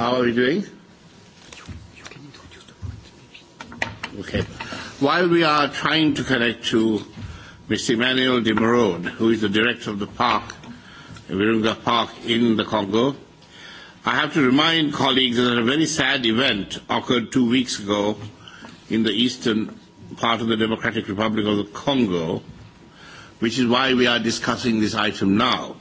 How are we doing? You can introduce the point, maybe. Okay. While we are trying to connect to Mr. Emmanuel de Maraud, who is the director of the park, Virunga Park in the Congo, I have to remind colleagues that a very sad event occurred two weeks ago in the eastern part of the Democratic Republic of the Congo, which is why we are discussing this item now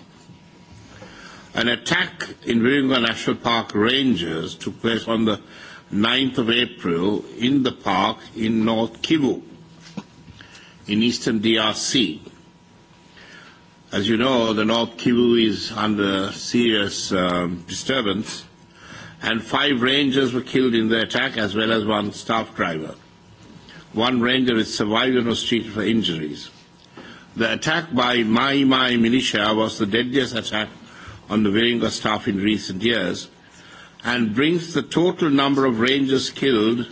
an attack in Virunga National Park rangers took place on the 9th of April in the park in North Kivu in eastern DRC. As you know, the North Kivu is under serious um, disturbance and five rangers were killed in the attack as well as one staff driver. One ranger is surviving was treated for injuries. The attack by Mai Mai militia was the deadliest attack on the Virunga staff in recent years and brings the total number of rangers killed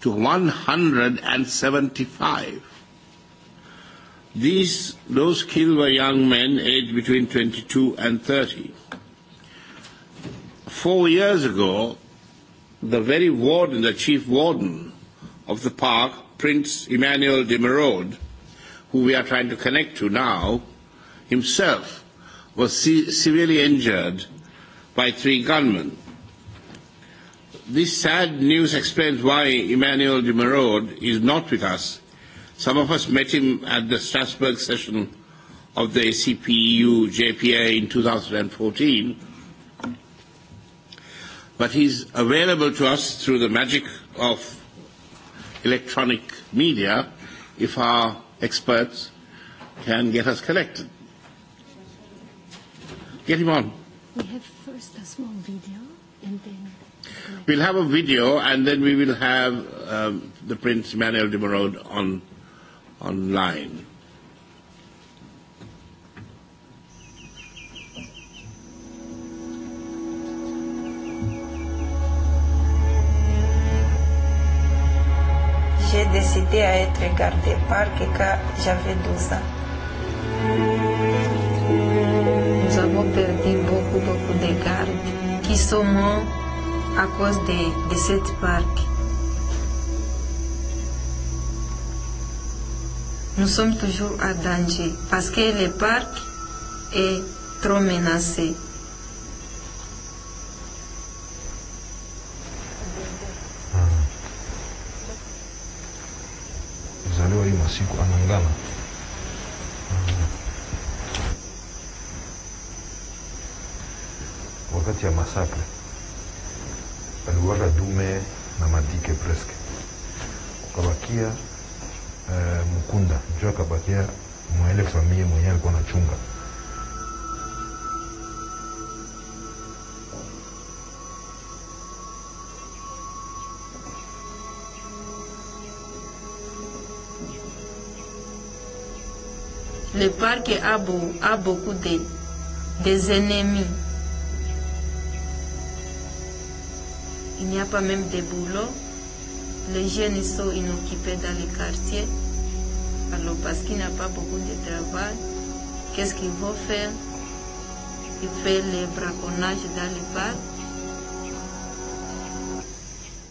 to 175. These, those killed were young men aged between 22 and 30. Four years ago, the very warden, the chief warden of the park, Prince Emmanuel de Merode, who we are trying to connect to now, himself was see- severely injured by three gunmen. This sad news explains why Emmanuel de Merode is not with us. Some of us met him at the Strasbourg session of the ACPEU JPA in 2014. But he's available to us through the magic of electronic media if our experts can get us connected. Get him on. We have first a small video and then. We'll have a video and then we will have um, the Prince Manuel de Morode on online. J'ai décidé à être gardée par Kika Javedusa vou perder pouco pouco de carne que somou a causa de, de sete parque. Nós somos toujours a danger, porque o parque é trop menacé. Hum. Zaliwa hii masiku anangana wakati ya masakre aliwaga dume na madike preske kukabakia uh, eh, mkunda njo akabakia mwaele famie mwenye alikuwa na chunga Le parc a beaucoup de des ennemis. il n'y a pas même de boulot. Les jeunes sont inoccupés dans les quartiers. Alors, parce qu'il n'y a pas beaucoup de travail, qu'est-ce qu'ils vont faire Ils font les braconnages dans les parcs.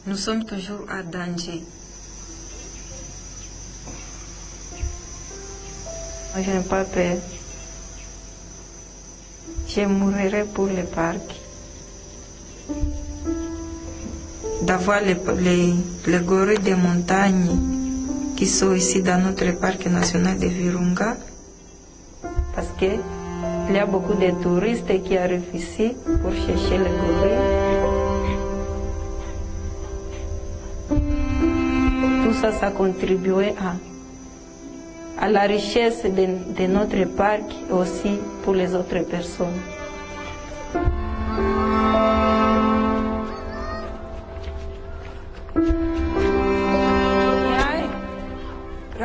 Nous sommes toujours à danger. Moi, je n'ai pas peur. Je mourrai pour le parc. Thank you давали для горы, для монтани, кисо и сида внутри парке национальной де Вирунга. Паске, для боку де туристы, ки арифиси, пурше шеле горы. Туса са контрибюе а à la richesse de, de notre parc et aussi pour les autres personnes.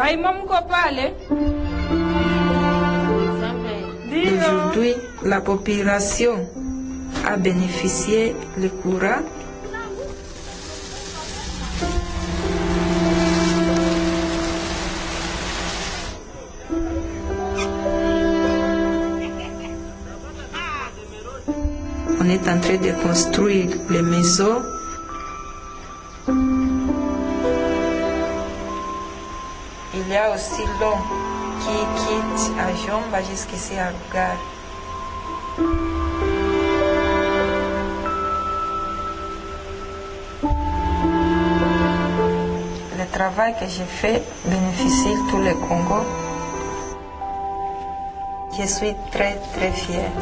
Ay, mamá, copale. Aujourd'hui, la population a bénéficié le courant. On est en train de construire les maisons. déjà aussi l'homme qui quitte Ajon va jusqu'à ses regards. Le travail que j'ai fait bénéficie tout le Congo. Je suis très très fière.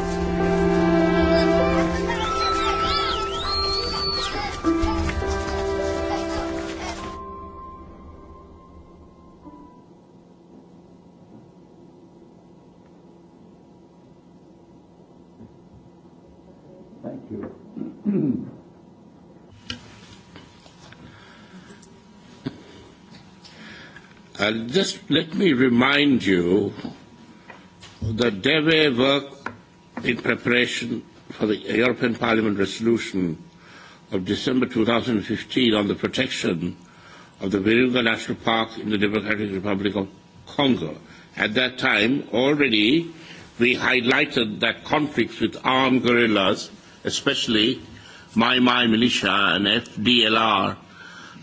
And just let me remind you that Deve work in preparation for the European Parliament resolution of December 2015 on the protection of the Virunga National Park in the Democratic Republic of Congo. At that time, already we highlighted that conflicts with armed guerrillas, especially Mai Mai Militia and FDLR,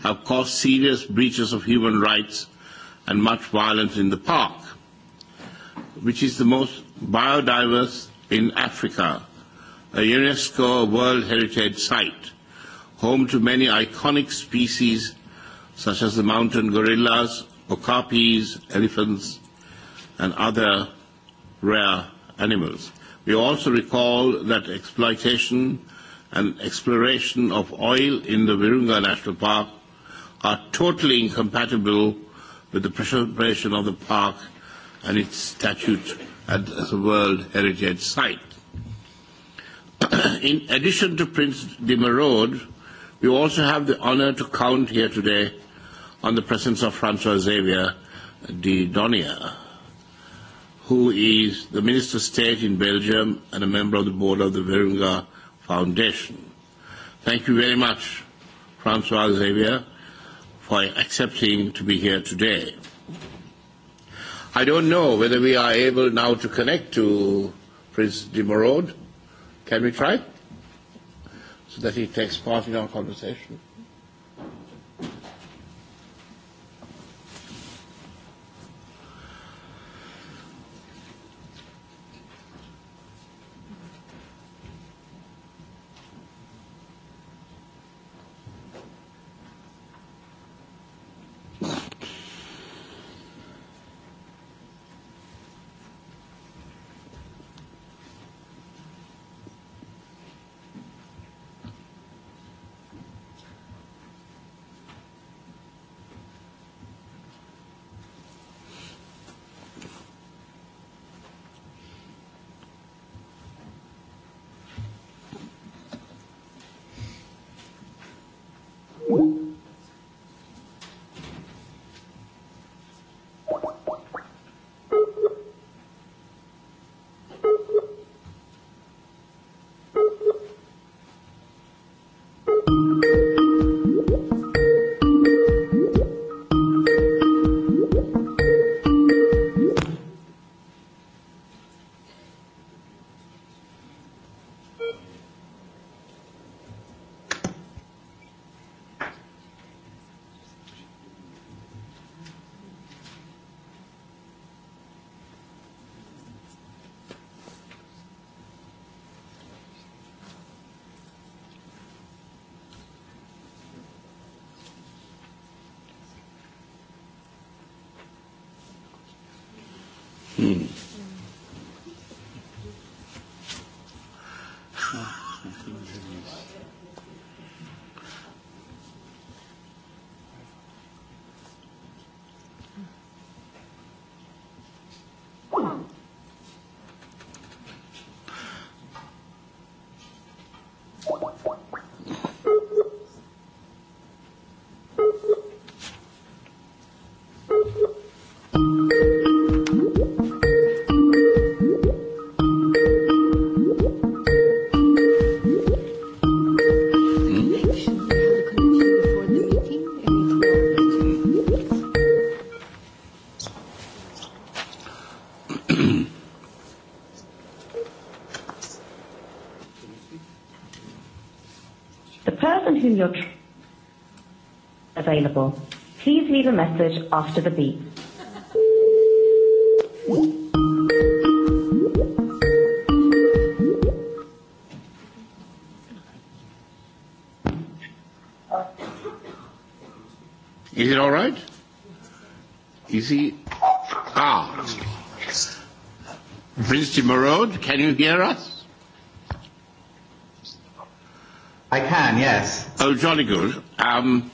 have caused serious breaches of human rights and much violence in the park, which is the most biodiverse in Africa, a UNESCO World Heritage Site, home to many iconic species such as the mountain gorillas, okapis, elephants, and other rare animals. We also recall that exploitation and exploration of oil in the Virunga National Park are totally incompatible with the preservation of the park and its statute as a World Heritage Site. In addition to Prince de Merode, we also have the honor to count here today on the presence of Francois Xavier de Donia, who is the Minister of State in Belgium and a member of the board of the Virunga Foundation. Thank you very much, Francois Xavier for accepting to be here today. I don't know whether we are able now to connect to Prince de Morode. Can we try? So that he takes part in our conversation. Hmm. after the beep. Is it all right? Is he? Ah. Mr. Moraud, can you hear us? I can, yes. Oh, jolly good. Um,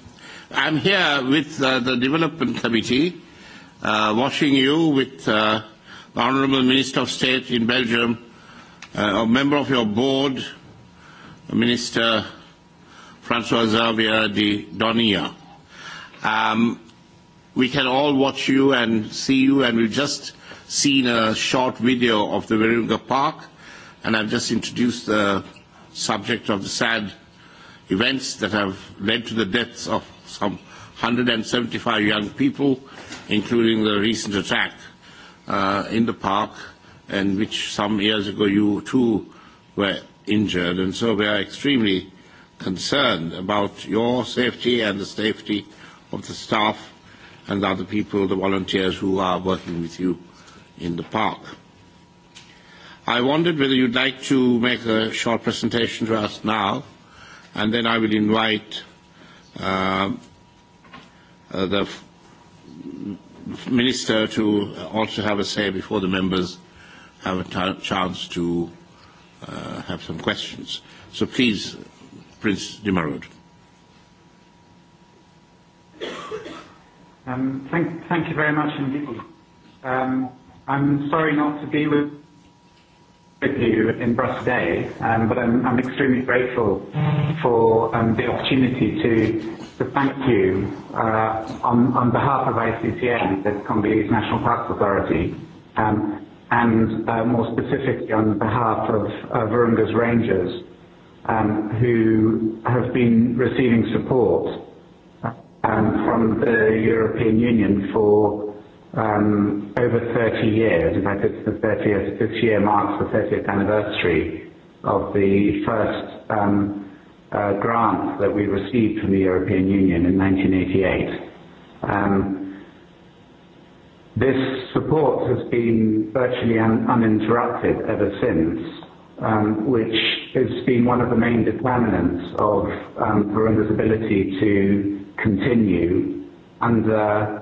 I'm here with uh, the Development Committee, uh, watching you with uh, the Honorable Minister of State in Belgium, uh, a member of your board, Minister Francois Xavier de Donia. Um, we can all watch you and see you, and we've just seen a short video of the Virunga Park, and I've just introduced the subject of the sad events that have led to the deaths of some 175 young people, including the recent attack uh, in the park, in which some years ago you too were injured. And so we are extremely concerned about your safety and the safety of the staff and the other people, the volunteers who are working with you in the park. I wondered whether you'd like to make a short presentation to us now, and then I will invite Uh, the minister to also have a say before the members have a chance to uh, have some questions. So please, Prince Demarod. Um, thank, thank you very much indeed. Um, I'm sorry not to be with with you in Brust today, um, but I'm, I'm extremely grateful for um, the opportunity to, to thank you uh, on, on behalf of ICCN, the Congolese National Parks Authority, um, and uh, more specifically on behalf of uh, Virunga's Rangers, um, who have been receiving support um, from the European Union for um, over 30 years, in fact it's the 30th, this year marks the 30th anniversary of the first um, uh, grant that we received from the European Union in 1988. Um, this support has been virtually un uninterrupted ever since, um, which has been one of the main determinants of um, Verona's ability to continue under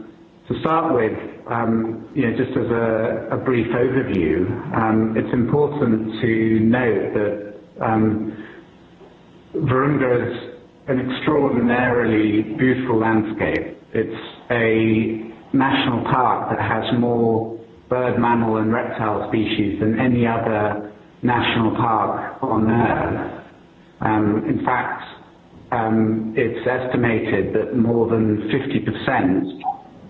To start with, um, you know, just as a, a brief overview, um, it's important to note that um, Virunga is an extraordinarily beautiful landscape. It's a national park that has more bird, mammal, and reptile species than any other national park on Earth. Um, in fact, um, it's estimated that more than 50%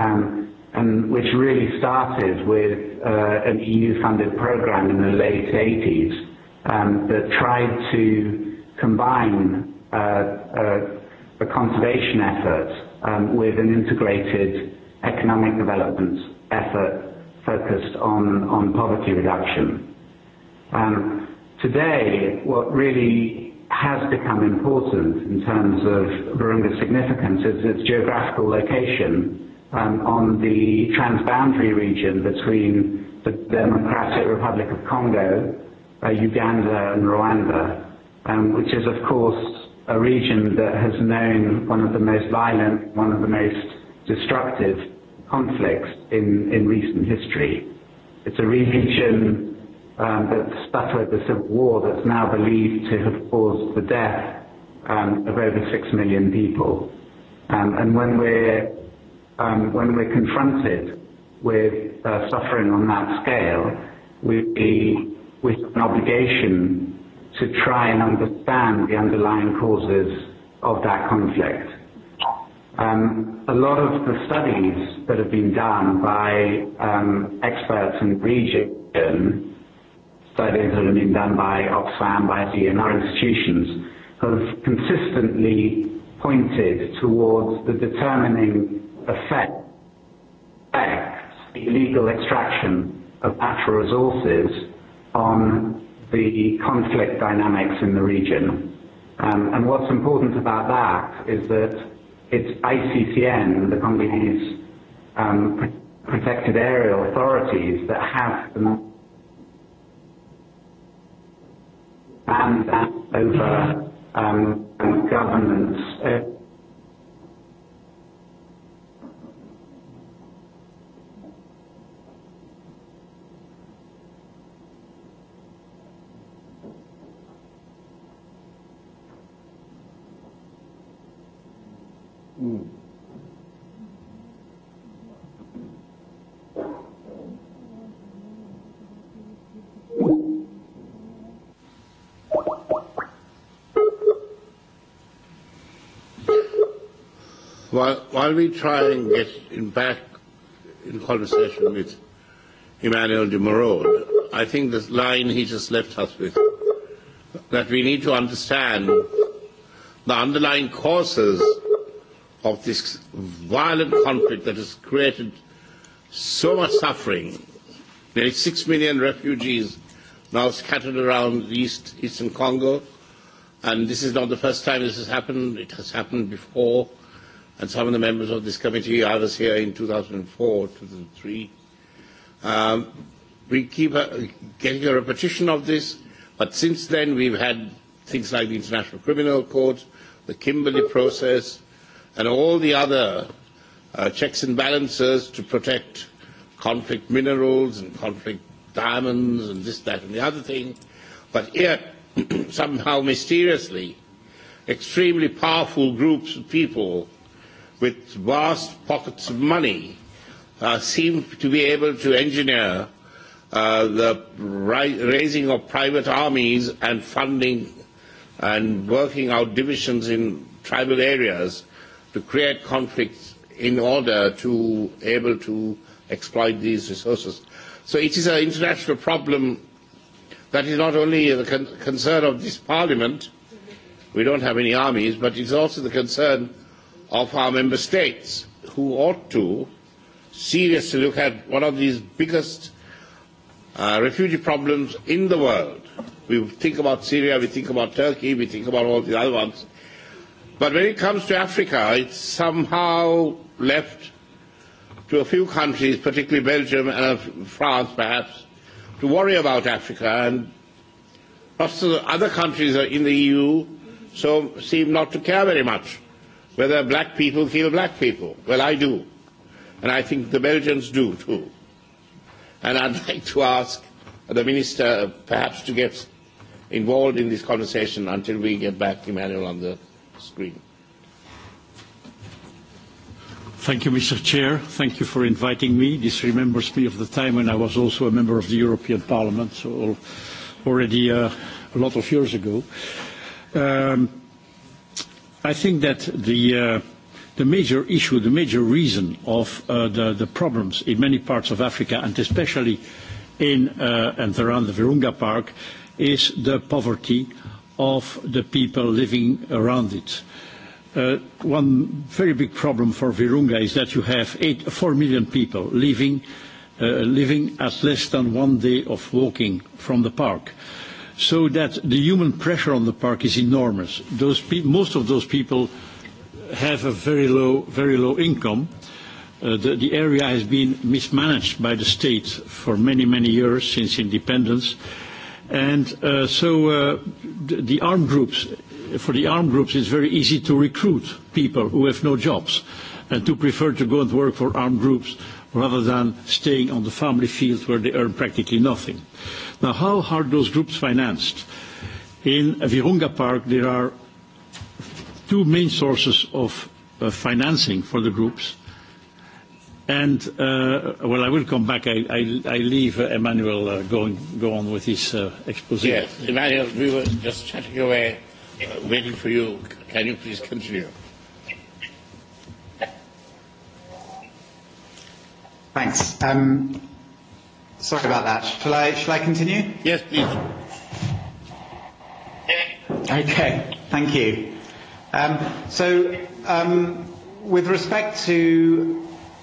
um, and which really started with uh, an EU-funded program in the late 80s um, that tried to combine uh, a, uh, a conservation effort um, with an integrated economic development effort focused on, on poverty reduction. Um, today, what really has become important in terms of Virunga's significance is its geographical location um, on the transboundary region between the Democratic Republic of Congo, uh, Uganda, and Rwanda, um, which is, of course, a region that has known one of the most violent, one of the most destructive conflicts in, in recent history. It's a region um, that suffered the civil war that's now believed to have caused the death um, of over six million people. Um, and when we're um, when we're confronted with uh, suffering on that scale, we be with an obligation to try and understand the underlying causes of that conflict. Um, a lot of the studies that have been done by um, experts in the region, studies that have been done by Oxfam, by CNR institutions, have consistently pointed towards the determining affect the illegal extraction of natural resources on the conflict dynamics in the region. Um, and what's important about that is that it's ICCN, the Congolese um, pr- Protected Area Authorities, that have the mandate over um, governance. Uh, Mm. While, while we try and get in back in conversation with Emmanuel de Maraud, I think this line he just left us with, that we need to understand the underlying causes of this violent conflict that has created so much suffering. Nearly six million refugees now scattered around the east, eastern Congo. And this is not the first time this has happened. It has happened before. And some of the members of this committee, I was here in 2004, 2003. Um, we keep a, uh, getting a repetition of this. But since then, we've had things like the International Criminal Court, the Kimberley process and all the other uh, checks and balances to protect conflict minerals and conflict diamonds and this, that and the other thing, but yet somehow mysteriously extremely powerful groups of people with vast pockets of money uh, seem to be able to engineer uh, the ri- raising of private armies and funding and working out divisions in tribal areas to create conflicts in order to able to exploit these resources. So it is an international problem that is not only the con- concern of this parliament, we don't have any armies, but it's also the concern of our member states who ought to seriously look at one of these biggest uh, refugee problems in the world. We think about Syria, we think about Turkey, we think about all the other ones. But when it comes to Africa, it's somehow left to a few countries, particularly Belgium and uh, France, perhaps, to worry about Africa. And lots of other countries are in the EU so seem not to care very much whether black people kill black people. Well, I do. And I think the Belgians do, too. And I'd like to ask the minister, perhaps, to get involved in this conversation until we get back, Emmanuel, on the screen. Thank you, Mr. Chair. Thank you for inviting me. This remembers me of the time when I was also a member of the European Parliament, so already uh, a lot of years ago. Um, I think that uh, the major issue, the major reason of uh, the problems in many parts of Africa, and especially in and around the Virunga Park, is the poverty of of the people living around it. Uh, one very big problem for Virunga is that you have eight, four million people living, uh, living at less than one day of walking from the park. So that the human pressure on the park is enormous. Those pe- most of those people have a very low, very low income. Uh, the, the area has been mismanaged by the state for many, many years since independence. And uh, so uh, the armed groups, for the armed groups, it's very easy to recruit people who have no jobs and to prefer to go and work for armed groups rather than staying on the family field where they earn practically nothing. Now, how are those groups financed? In Virunga Park, there are two main sources of uh, financing for the groups. And uh, well, I will come back. I leave uh, Emmanuel uh, go on with his exposé. Yes. Emmanuel, we were just chatting away, waiting for you. Can you please continue? Thanks. Um, sorry about that. Shall I continue? Yes, please. Okay. Thank you. Um, so um, with respect to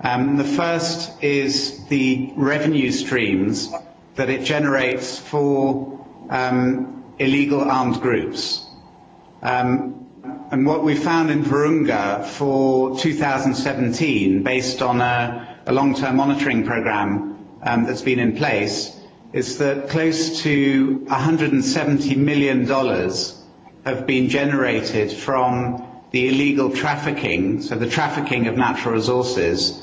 Um, the first is the revenue streams that it generates for um, illegal armed groups. Um, and what we found in Virunga for 2017, based on a long-term monitoring program that's been in place, is that close to $170 million have been generated from the illegal trafficking, so the trafficking of natural resources,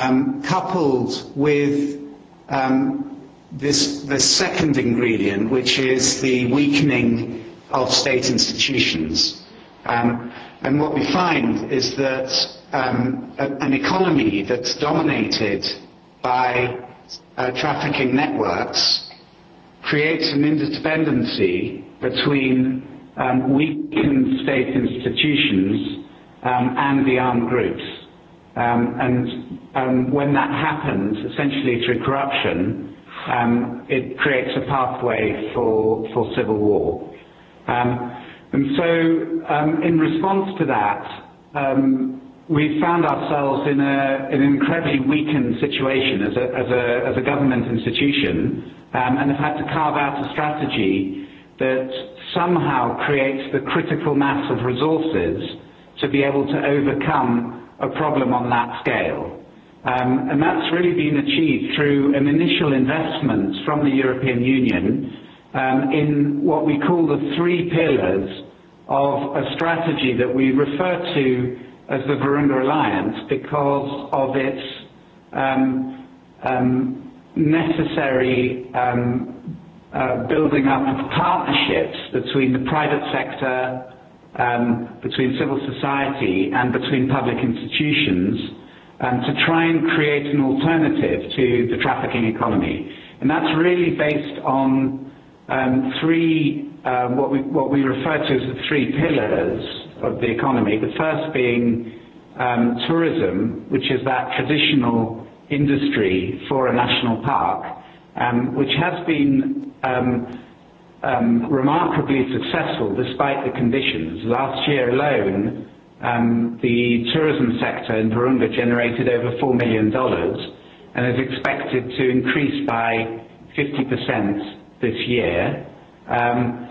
um, coupled with um, this, the second ingredient, which is the weakening of state institutions. Um, and what we find is that um, a, an economy that's dominated by uh, trafficking networks creates an interdependency between um, weakened state institutions um, and the armed groups. Um, and um, when that happens, essentially through corruption, um, it creates a pathway for, for civil war. Um, and so um, in response to that, um, we found ourselves in, a, in an incredibly weakened situation as a, as a, as a government institution um, and have had to carve out a strategy that somehow creates the critical mass of resources to be able to overcome a problem on that scale. Um, and that's really been achieved through an initial investment from the European Union um, in what we call the three pillars of a strategy that we refer to as the Virunga Alliance because of its um, um, necessary um, uh, building up of partnerships between the private sector, um, between civil society, and between public institutions um, to try and create an alternative to the trafficking economy. And that's really based on um, three, uh, what, we, what we refer to as the three pillars of the economy. The first being um, tourism, which is that traditional industry for a national park, um, which has been um, um, remarkably successful despite the conditions. Last year alone, Um, the tourism sector in Virunga generated over $4 million and is expected to increase by 50% this year. Um,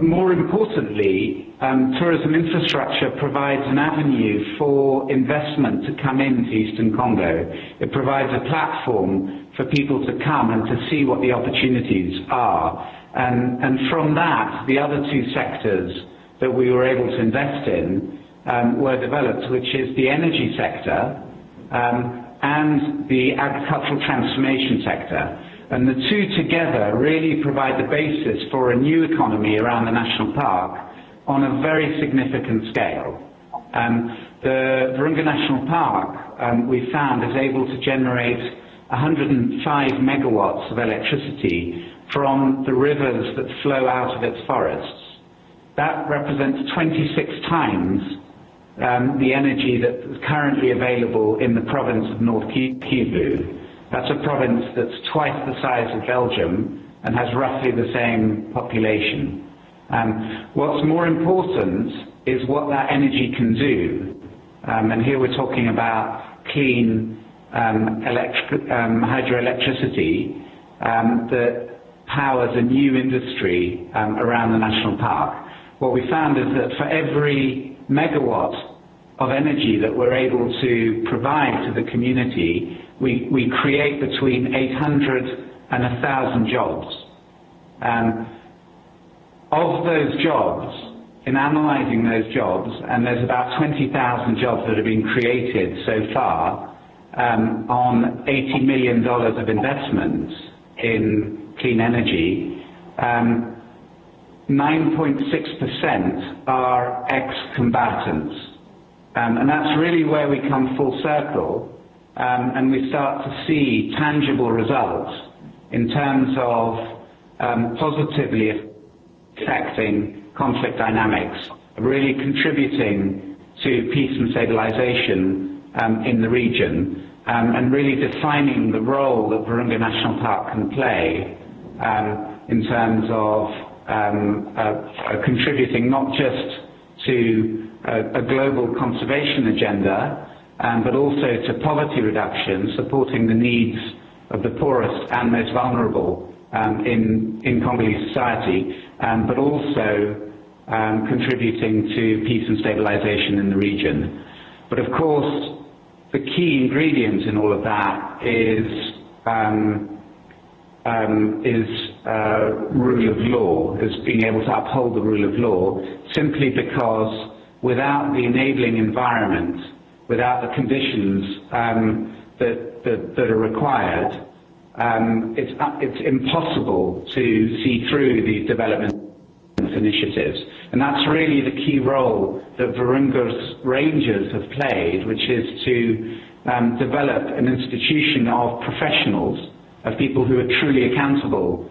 more importantly, um, tourism infrastructure provides an avenue for investment to come into Eastern Congo. It provides a platform for people to come and to see what the opportunities are. From that, the other two sectors that we were able to invest in um, were developed, which is the energy sector um, and the agricultural transformation sector. The two together really provide the basis for a new economy around the national park on a very significant scale. Um, the Virunga National Park, we found, is able to generate 105 MW of electricity from the rivers that flow out of its forests. That represents 26 times um, the energy that is currently available in the province of North Kivu. That's a province that's twice the size of Belgium and has roughly the same population. Um, what's more important is what that energy can do. Um, here we're talking about clean hydroelectricity that powers a new industry around the national park what we found is that for every megawatt of energy that we're able to provide to the community, we, we create between 800 and 1,000 jobs. Um, of those jobs, in analyzing those jobs, and there's about 20,000 jobs that have been created so far um, on $80 million of investments in clean energy, um, 9.6% are ex-combatants. Um, that's really where we come full circle, um, and we start to see tangible results in terms of um, positively affecting conflict dynamics, really contributing to peace and stabilization in the region, and really defining the role that Virunga National Park can play in terms of Um, uh, uh, contributing not just to uh, a global conservation agenda, um, but also to poverty reduction, supporting the needs of the poorest and most vulnerable um, in Congolese society, but also contributing to peace and stabilization in the region. Of course, the key ingredient in all of that is uh, rule of law, as being able to uphold the rule of law, simply because without the enabling environment, without the conditions um, that, that, that are required, um, it's, uh, it's impossible to see through these development initiatives. And that's really the key role that Varunga's Rangers have played, which is to um, develop an institution of professionals, of people who are truly accountable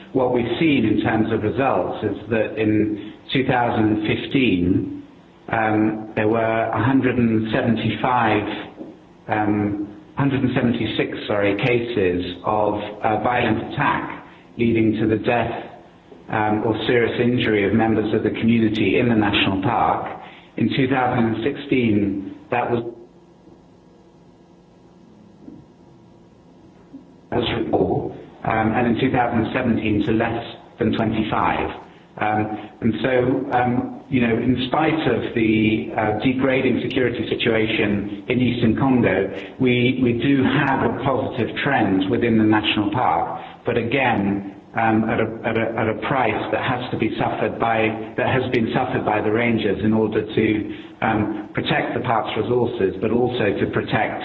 what we've seen in terms of results is that in 2015, um, there were 176 um, cases of violent attack leading to the death um, or serious injury of members of the community in the national park. In 2016, that was four. Um, and in 2017 to less than 25. Um, um, in spite of the uh, degrading security situation in Eastern Congo, we do have a positive trend within the national park, but again, at a price that has been suffered by the rangers in order to protect the park's resources, but also to protect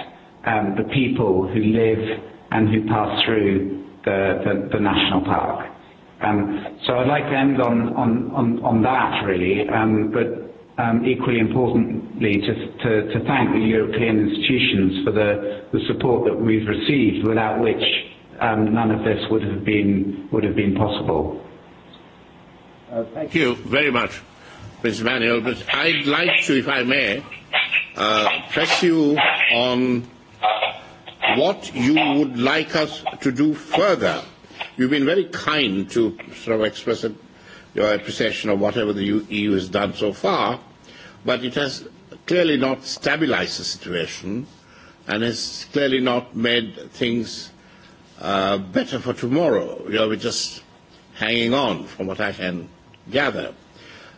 the people who live and who pass through the, the, the national park. Um, so I'd like to end on, on, on, on that really, um, but um, equally importantly just to, to thank the European institutions for the, the support that we've received without which um, none of this would have been, would have been possible. Uh, thank you very much, Ms. Manuel. But I'd like to, if I may, uh, press you on what you would like us to do further. You've been very kind to sort of express a, your appreciation of whatever the EU e has done so far, but it has clearly not stabilized the situation and has clearly not made things uh, better for tomorrow. You know, we're just hanging on from what I can gather.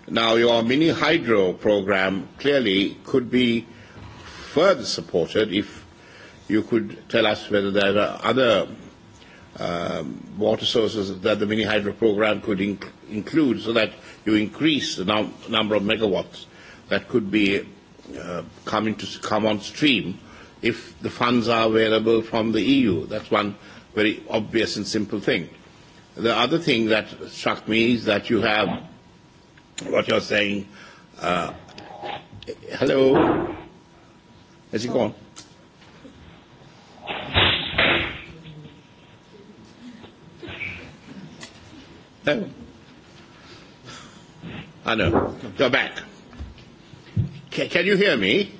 Now, your mini-hydro program clearly could be further supported if you could tell us whether there are other um, water sources that the mini hydro program could inc- include so that you increase the num- number of megawatts that could be uh, coming to come on stream if the funds are available from the EU. That's one very obvious and simple thing. The other thing that struck me is that you have what you're saying. Uh, hello? Has he gone? Oh. I know. Go back. C- can you hear me?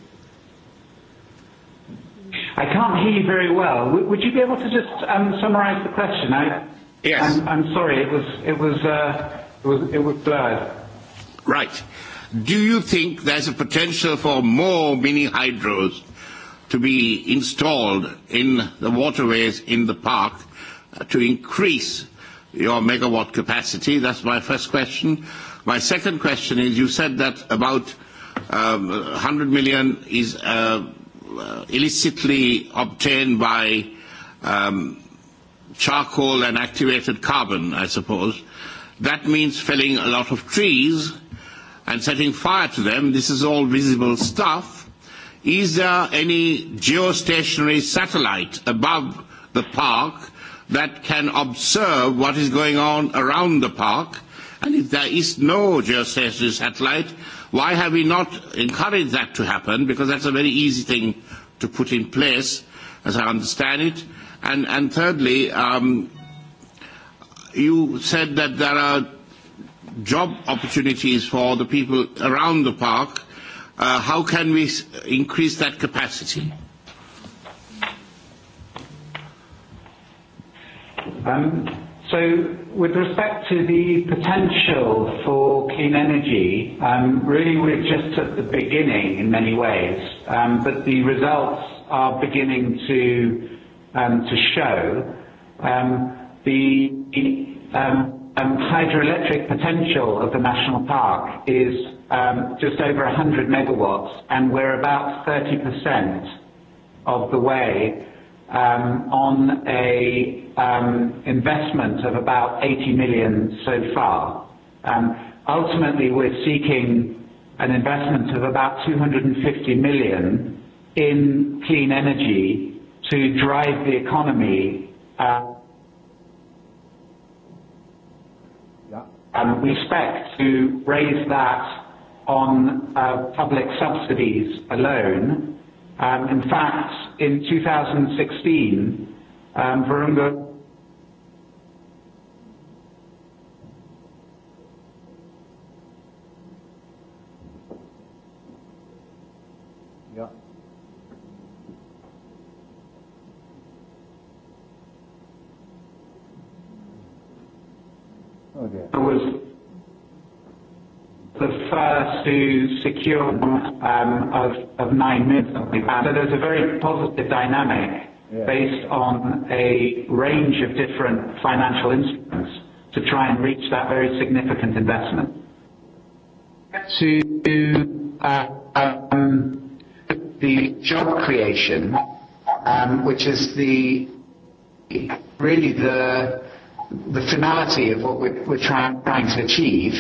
I can't hear you very well. W- would you be able to just um, summarise the question? I, yes. I'm, I'm sorry. It was it was uh, it was it was blurred. Right. Do you think there's a potential for more mini hydros to be installed in the waterways in the park to increase? your megawatt capacity? That's my first question. My second question is, you said that about um, 100 million is uh, uh, illicitly obtained by um, charcoal and activated carbon, I suppose. That means felling a lot of trees and setting fire to them. This is all visible stuff. Is there any geostationary satellite above the park? that can observe what is going on around the park. And if there is no geostationary satellite, why have we not encouraged that to happen? Because that's a very easy thing to put in place, as I understand it. And, and thirdly, um, you said that there are job opportunities for the people around the park. Uh, how can we increase that capacity? Mm-hmm. Um, so with respect to the potential for clean energy, um, really we're just at the beginning in many ways, um, but the results are beginning to um, show. The hydroelectric potential of the national park is just over 100 MW, and we're about 30% of the way on a Um, investment of about 80 million so far. Um, ultimately, we're seeking an investment of about 250 million in clean energy to drive the economy. Uh, yeah. We expect to raise that on uh, public subsidies alone. Um, in fact, in 2016, Virunga Oh dear. I was the first to secure um, of, of nine minutes. So there's a very positive dynamic yeah. based on a range of different financial instruments to try and reach that very significant investment. To uh, um, the job creation, um, which is the really the the finality of what we're, we're try, trying to achieve,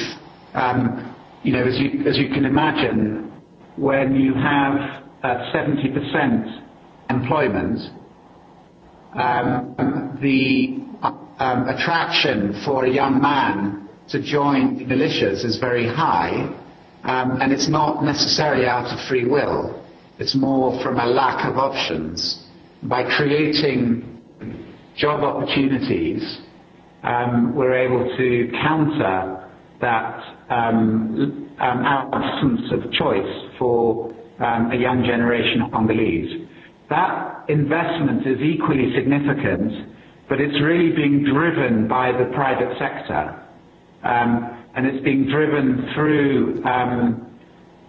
um, you know, as you, as you can imagine, when you have uh, 70% employment, um, the um, attraction for a young man to join the militias is very high, um, and it's not necessarily out of free will. It's more from a lack of options. By creating job opportunities, um, we're able to counter that um, um, absence of choice for um, a young generation of Congolese. That investment is equally significant, but it's really being driven by the private sector. Um, and it's being driven through um,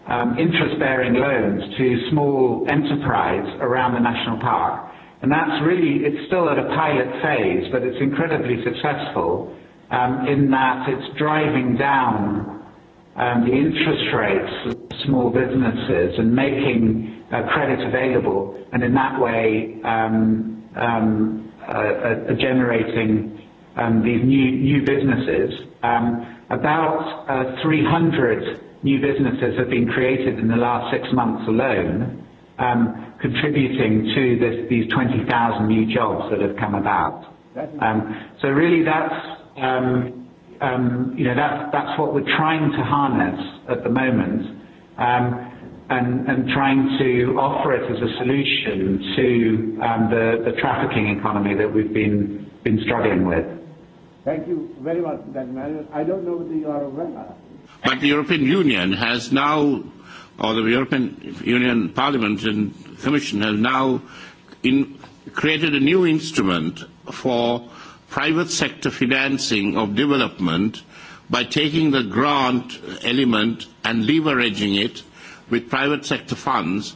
um, interest-bearing loans to small enterprise around the national park. That's really, it's still at a pilot phase, but it's incredibly successful um, in that it's driving down um, the interest rates of small businesses and making uh, credit available, and in that way, um, uh, uh, generating these new businesses. About 300 new businesses have been created in the last six months alone, Um, contributing to these 20,000 new jobs that have come about. Um, really um, that's what we're trying to harness at the moment, and trying to offer it as a solution to the trafficking economy that we've been struggling with. Thank you very much, Daniel. I don't know whether you are aware. The European Union has now or the European Union Parliament and Commission have now in, created a new instrument for private sector financing of development by taking the grant element and leveraging it with private sector funds.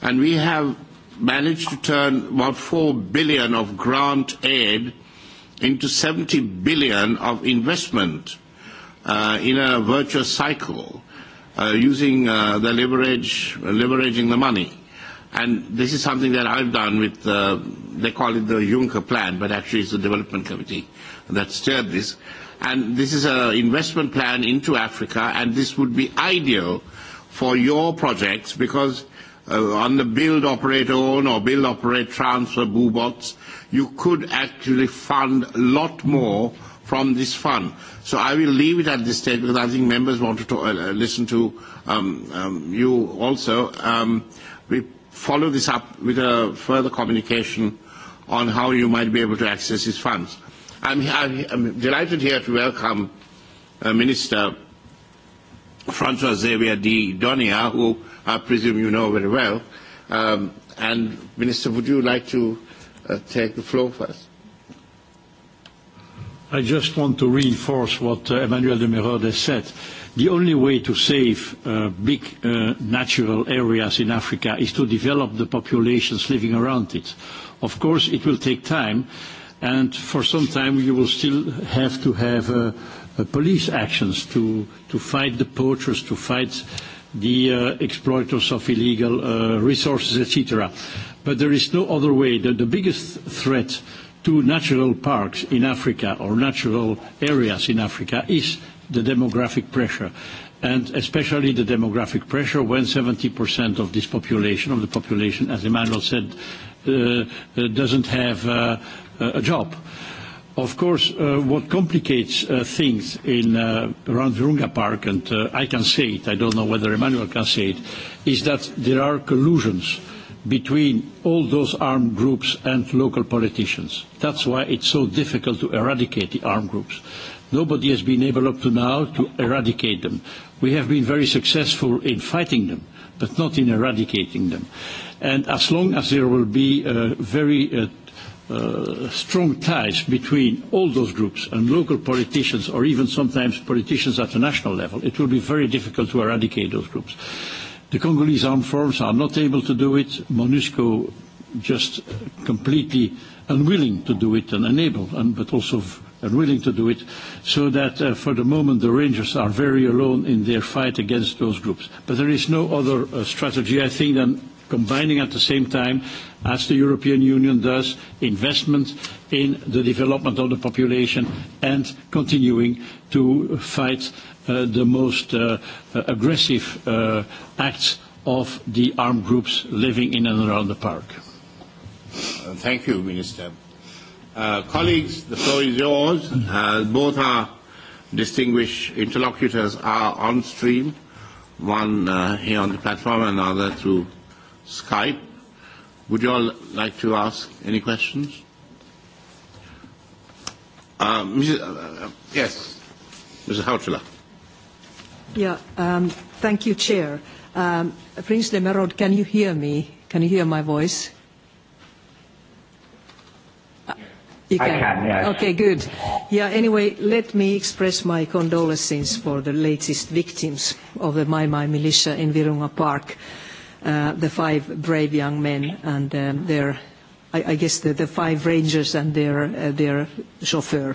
And we have managed to turn about 4 billion of grant aid into 70 billion of investment uh, in a virtuous cycle. Uh, using uh, the leverage, leveraging the money. And this is something that I've done with, uh, they call it the Juncker Plan, but actually it's the Development Committee that stirred this. And this is an investment plan into Africa, and this would be ideal for your projects because uh, on the build, operate, own, or build, operate, transfer, boo bots, you could actually fund a lot more. Mm-hmm from this fund. So I will leave it at this stage because I think members want to talk, uh, uh, listen to um, um, you also. Um, we follow this up with a further communication on how you might be able to access these funds. I'm, I'm delighted here to welcome uh, Minister Francois Xavier de Donia, who I presume you know very well. Um, and Minister, would you like to uh, take the floor first? I just want to reinforce what uh, Emmanuel de Merode has said. The only way to save uh, big uh, natural areas in Africa is to develop the populations living around it. Of course, it will take time, and for some time you will still have to have uh, uh, police actions to, to fight the poachers, to fight the uh, exploiters of illegal uh, resources, etc. But there is no other way. The, the biggest threat to natural parks in Africa or natural areas in Africa is the demographic pressure. And especially the demographic pressure when 70% of this population, of the population, as Emmanuel said, uh, uh doesn't have uh, a job. Of course, uh, what complicates uh, things in uh, around Virunga Park, and uh, I can say it, I don't know whether Emmanuel can say it, is that there are collusions uh, between all those armed groups and local politicians. That's why it's so difficult to eradicate the armed groups. Nobody has been able up to now to eradicate them. We have been very successful in fighting them, but not in eradicating them. And as long as there will be uh, very uh, uh, strong ties between all those groups and local politicians, or even sometimes politicians at the national level, it will be very difficult to eradicate those groups. Uh, The Congolese armed forces are not able to do it. MONUSCO just completely unwilling to do it and unable, and, but also unwilling to do it, so that uh, for the moment the Rangers are very alone in their fight against those groups. But there is no other uh, strategy, I think, than combining at the same time, as the European Union does, investment in the development of the population and continuing to fight. Uh, Uh, the most uh, uh, aggressive uh, acts of the armed groups living in and around the park. Uh, thank you, Minister. Uh, colleagues, the floor is yours. Uh, both our distinguished interlocutors are on stream, one uh, here on the platform and another through Skype. Would you all like to ask any questions? Uh, Mrs. Uh, yes, Mr. Hautula. Um, thank you, Chair. Um, Prince de Mérogue, can you hear me? Can you hear my voice? Uh, you can? I can, yes. Okay, good. Yeah, anyway, let me express my condolences for the latest victims of the Mai Mai militia in Virunga Park, uh, the five brave young men and um, their, I guess, the five rangers and their uh, chauffeur.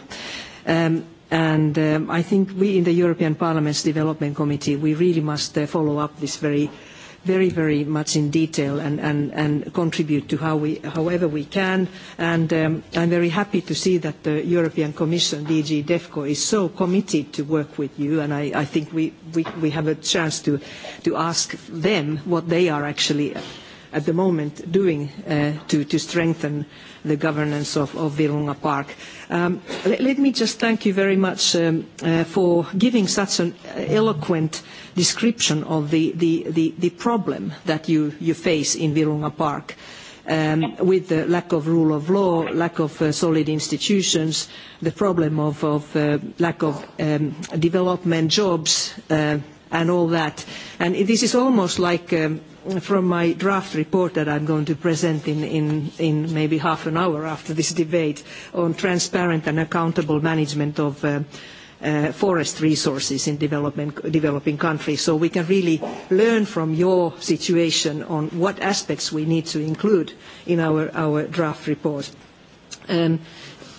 Um, I think we in the European Parliament's Development Committee, we really must uh, follow up this very much in detail and contribute to however we can. Um, I'm very happy to see that the European Commission, DG DEFCO, is so committed to work with you, and I think we have a chance to ask them what they are actually at the moment doing uh, to, to strengthen the governance of, of Virunga Park. Um, let, let me just thank you very much um, uh, for giving such an eloquent description of the, the, the, the problem that you, you face in Virunga Park. Um, with the lack of rule of law, lack of uh, solid institutions, the problem of, of uh, lack of um, development jobs uh, and all that. And this is almost like um, from my draft report that I'm going to present in, in, in maybe half an hour after this debate on transparent and accountable management of uh, uh, forest resources in development, developing countries. So we can really learn from your situation on what aspects we need to include in our, our draft report. Um,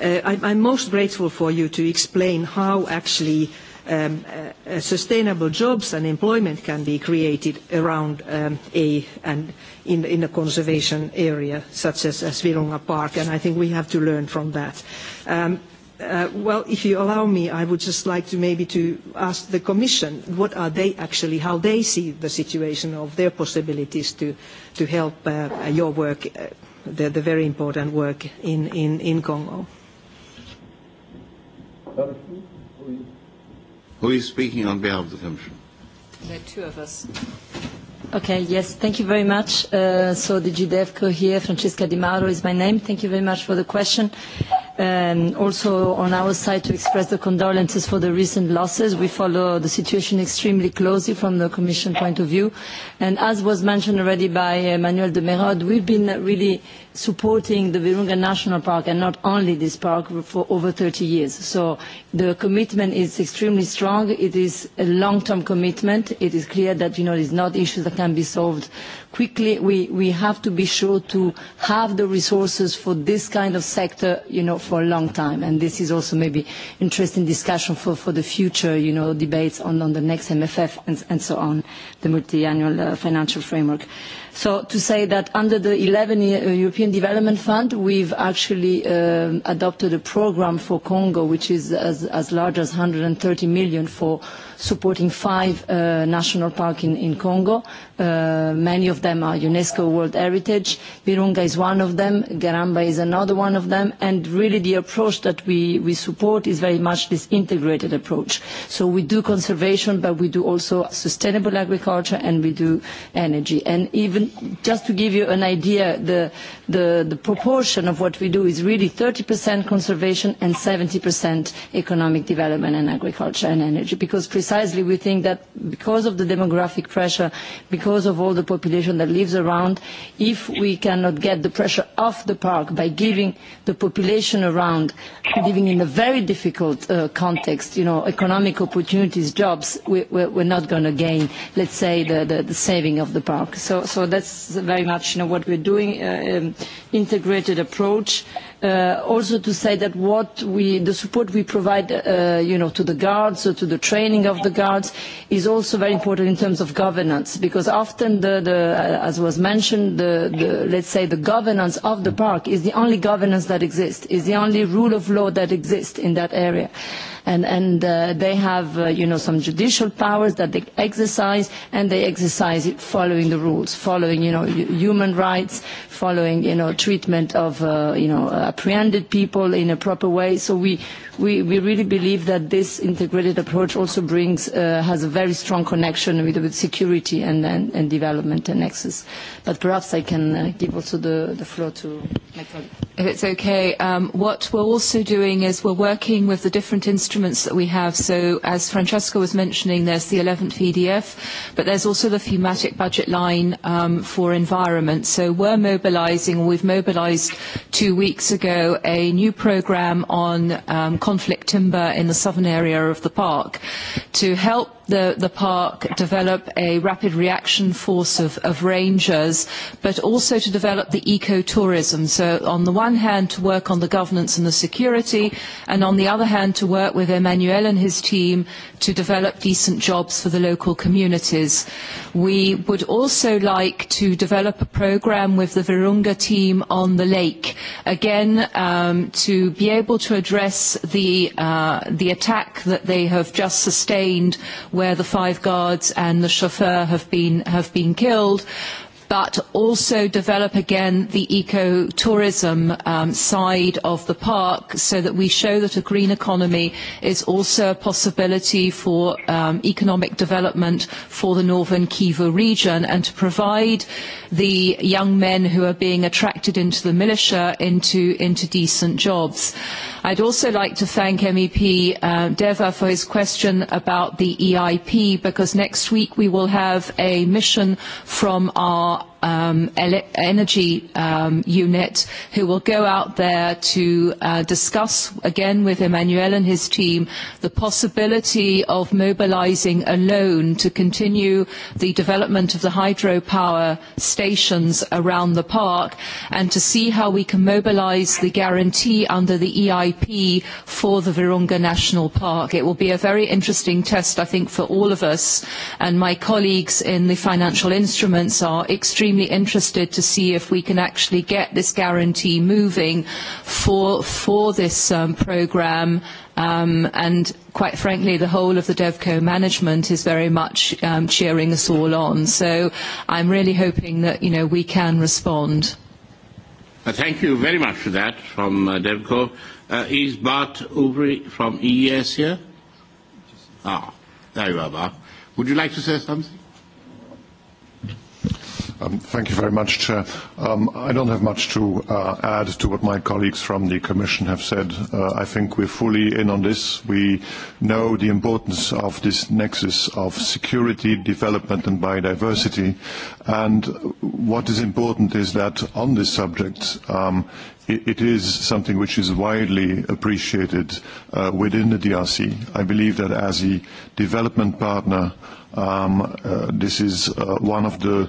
uh, I, I'm most grateful for you to explain how actually uh, Um, uh, uh, sustainable jobs and employment can be created around um, and in a conservation area such as Virunga Park, and I think we have to learn from that. Um, uh, well, if you allow me, I would just like to maybe to ask the commission, what are they actually, how they see the situation of their possibilities to help your work, the very important work in Congo? Well, Who is speaking on behalf of the Commission? There are two of us. Okay, yes, thank you very much. Uh, so the GDEFCO here, Francesca Di Mauro is my name. Thank you very much for the question. Um, also on our side to express the condolences for the recent losses. We follow the situation extremely closely from the Commission point of view. And as was mentioned already by Emmanuel uh, de Merod, we've been really supporting the Virunga National Park and not only this park for over 30 years. So the commitment is extremely strong. It is a long-term commitment. It is clear that, you know, it is not issues that can be solved quickly. We, we have to be sure to have the resources for this kind of sector, you know, for a long time. And this is also maybe interesting discussion for, for the future, you know, debates on, on the next MFF and, and so on, the multi-annual uh, financial framework. So to say that under the 11 uh, European Development Fund, we've actually uh, adopted a program for Congo, which is as, as large as 130 million for supporting five uh, national parks in, in Congo. Uh, many of them are UNESCO World Heritage. Virunga is one of them. Garamba is another one of them. And really the approach that we, we support is very much this integrated approach. So we do conservation, but we do also sustainable agriculture and we do energy. And even just to give you an idea, the, the, the proportion of what we do is really 30% conservation and 70% economic development and agriculture and energy. Because precisely we think that because of the demographic pressure, because of all the population that lives around, if we cannot get the pressure off the park by giving the population around, living in a very difficult uh, context, you know, economic opportunities, jobs, we, we're not going to gain, let's say, the, the, the saving of the park. So, so that's very much you know, what we're doing, uh, um, integrated approach. Uh, uh, also to say that what we, the support we provide uh, you know, to the guards or to the training of the guards is also very important in terms of governance because often, the, the, uh, as was mentioned, the, the, let's say the governance of the park is the only governance that exists, is the only rule of law that exists in that area and, and uh, they have uh, you know, some judicial powers that they exercise, and they exercise it following the rules, following you know, human rights, following you know, treatment of uh, you know, apprehended people in a proper way. So we, we, we really believe that this integrated approach also brings, uh, has a very strong connection with, with security and, and, and development and access. But perhaps I can uh, give also the, the floor to my colleague. If it's okay, um, what we're also doing is we're working with the different instruments instruments that we have. So, as Francesca was mentioning, there's the 11th EDF, but there's also the thematic budget line um, for environment. So, we're mobilizing, we've mobilized two weeks ago, a new program on um, conflict timber in the southern area of the park to help the, the park develop a rapid reaction force of, of rangers, but also to develop the ecotourism. So on the one hand, to work on the governance and the security, and on the other hand, to work with Emmanuel and his team to develop decent jobs for the local communities. We would also like to develop a program with the Virunga team on the lake, again, um, to be able to address the, uh, the attack that they have just sustained with where the five guards and the chauffeur have been, have been killed, but also develop again the ecotourism um, side of the park so that we show that a green economy is also a possibility for um, economic development for the northern Kiva region and to provide the young men who are being attracted into the militia into, into decent jobs. Uh, I'd also like to thank MEP uh, Deva for his question about the EIP, because next week we will have a mission from our um, energy um, unit who will go out there to uh, discuss again with Emmanuel and his team the possibility of mobilizing a loan to continue the development of the hydropower stations around the park and to see how we can mobilize the guarantee under the EIP for the Virunga National Park. It will be a very interesting test, I think, for all of us. And my colleagues in the financial instruments are extremely extremely interested to see if we can actually get this guarantee moving for, for this um, program. Um, and quite frankly, the whole of the DevCo management is very much um, cheering us all on. So I'm really hoping that you know, we can respond. Uh, thank you very much for that from uh, DevCo. Uh, is Bart Ubri from EES here? Ah, there you are, Bart. Would you like to say something? Um, thank you very much, Chair. Um, I don't have much to uh, add to what my colleagues from the Commission have said. Uh, I think we're fully in on this. We know the importance of this nexus of security, development and biodiversity. And what is important is that on this subject, um, it, it is something which is widely appreciated uh, within the DRC. I believe that as a development partner, um, uh, this is uh, one of the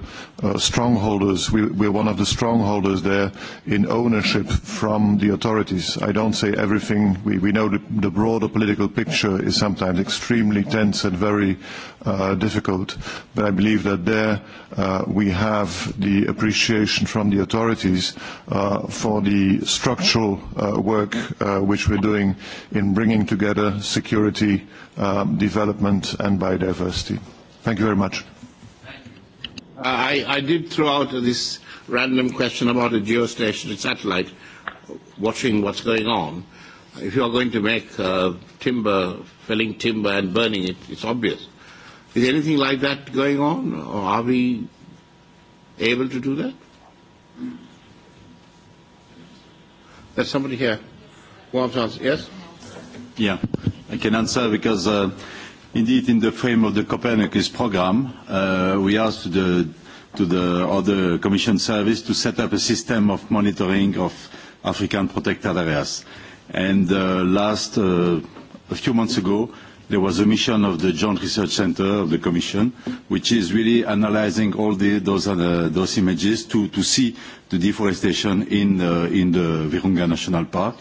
uh, strongholders, we, we're one of the strongholders there in ownership from the authorities. I don't say everything, we, we know the, the broader political picture is sometimes extremely tense and very uh, difficult, but I believe that there uh, we have the appreciation from the authorities uh, for the uh, structural uh, work uh, which we're doing in bringing together security, um, development and biodiversity. Thank you very much. Uh, I, I did throw out this random question about a geostationary satellite watching what's going on. If you are going to make uh, timber, felling timber and burning it, it's obvious. Is anything like that going on or are we able to do that? There's somebody here. Warm chance, yes? Yeah, I can answer because uh, indeed in the frame of the Copernicus program, uh, we asked the, to the other commission service to set up a system of monitoring of African protected areas. And uh, last, uh, a few months ago, there was a mission of the Joint Research Centre of the Commission, which is really analyzing all uh, those images to see the deforestation uh, in the Virunga National Park.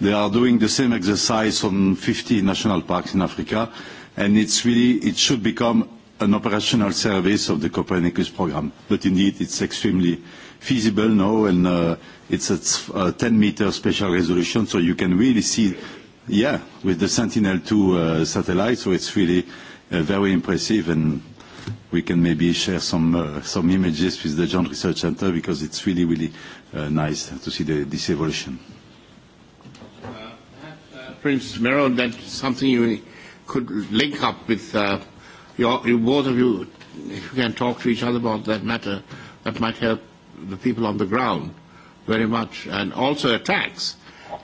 They are doing the same exercise on 50 national parks in Africa, and it's really, it should become an operational service of the Copernicus program. But indeed, it's extremely feasible now, and uh, it's at 10-meter spatial resolution, so you can really see Yeah, with the Sentinel-2 uh, satellite, so it's really uh, very impressive, and we can maybe share some uh, images with the Joint Research Centre because it's really, really nice to see this evolution. Prince Merrill, that something you could link up with both of you, if you can talk to each other about that matter, that might help the people on the ground very much, and also attacks.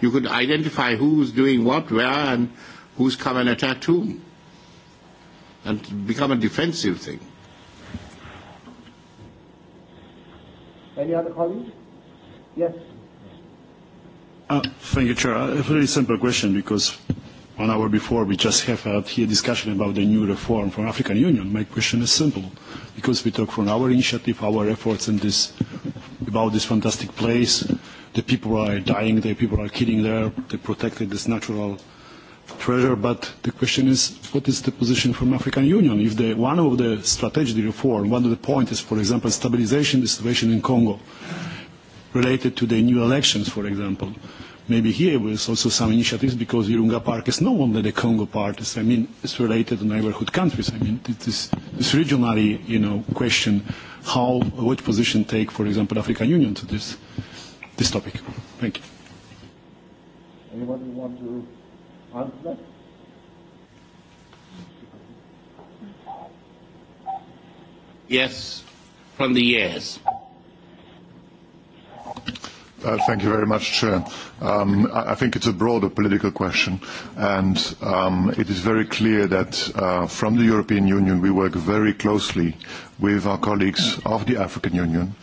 You could identify who's doing what, where, and who's come and attacked whom, and become a defensive thing. Any other colleagues? Yes. Uh, thank you, Chair. A very simple question because one hour before we just have a here discussion about the new reform from African Union. My question is simple because we talk from our initiative, our efforts in this, about this fantastic place the people are dying there, people are killing there, they protected this natural treasure. But the question is, what is the position from African Union? If the, one of the strategic reform, one of the points is, for example, stabilization the situation in Congo, related to the new elections, for example. Maybe here there's also some initiatives because Irunga Park is no longer the Congo part. I mean, it's related to neighborhood countries. I mean, this, this regionally, you know, question, how, what position take, for example, African Union to this? Uh, this topic. Thank you. Anyone want to answer that? Yes, from the years. Uh, thank you very much, Chair. Um, I think it's a broader political question, and um, it is very clear that uh, from the European Union, we work very closely with our colleagues of the African Union.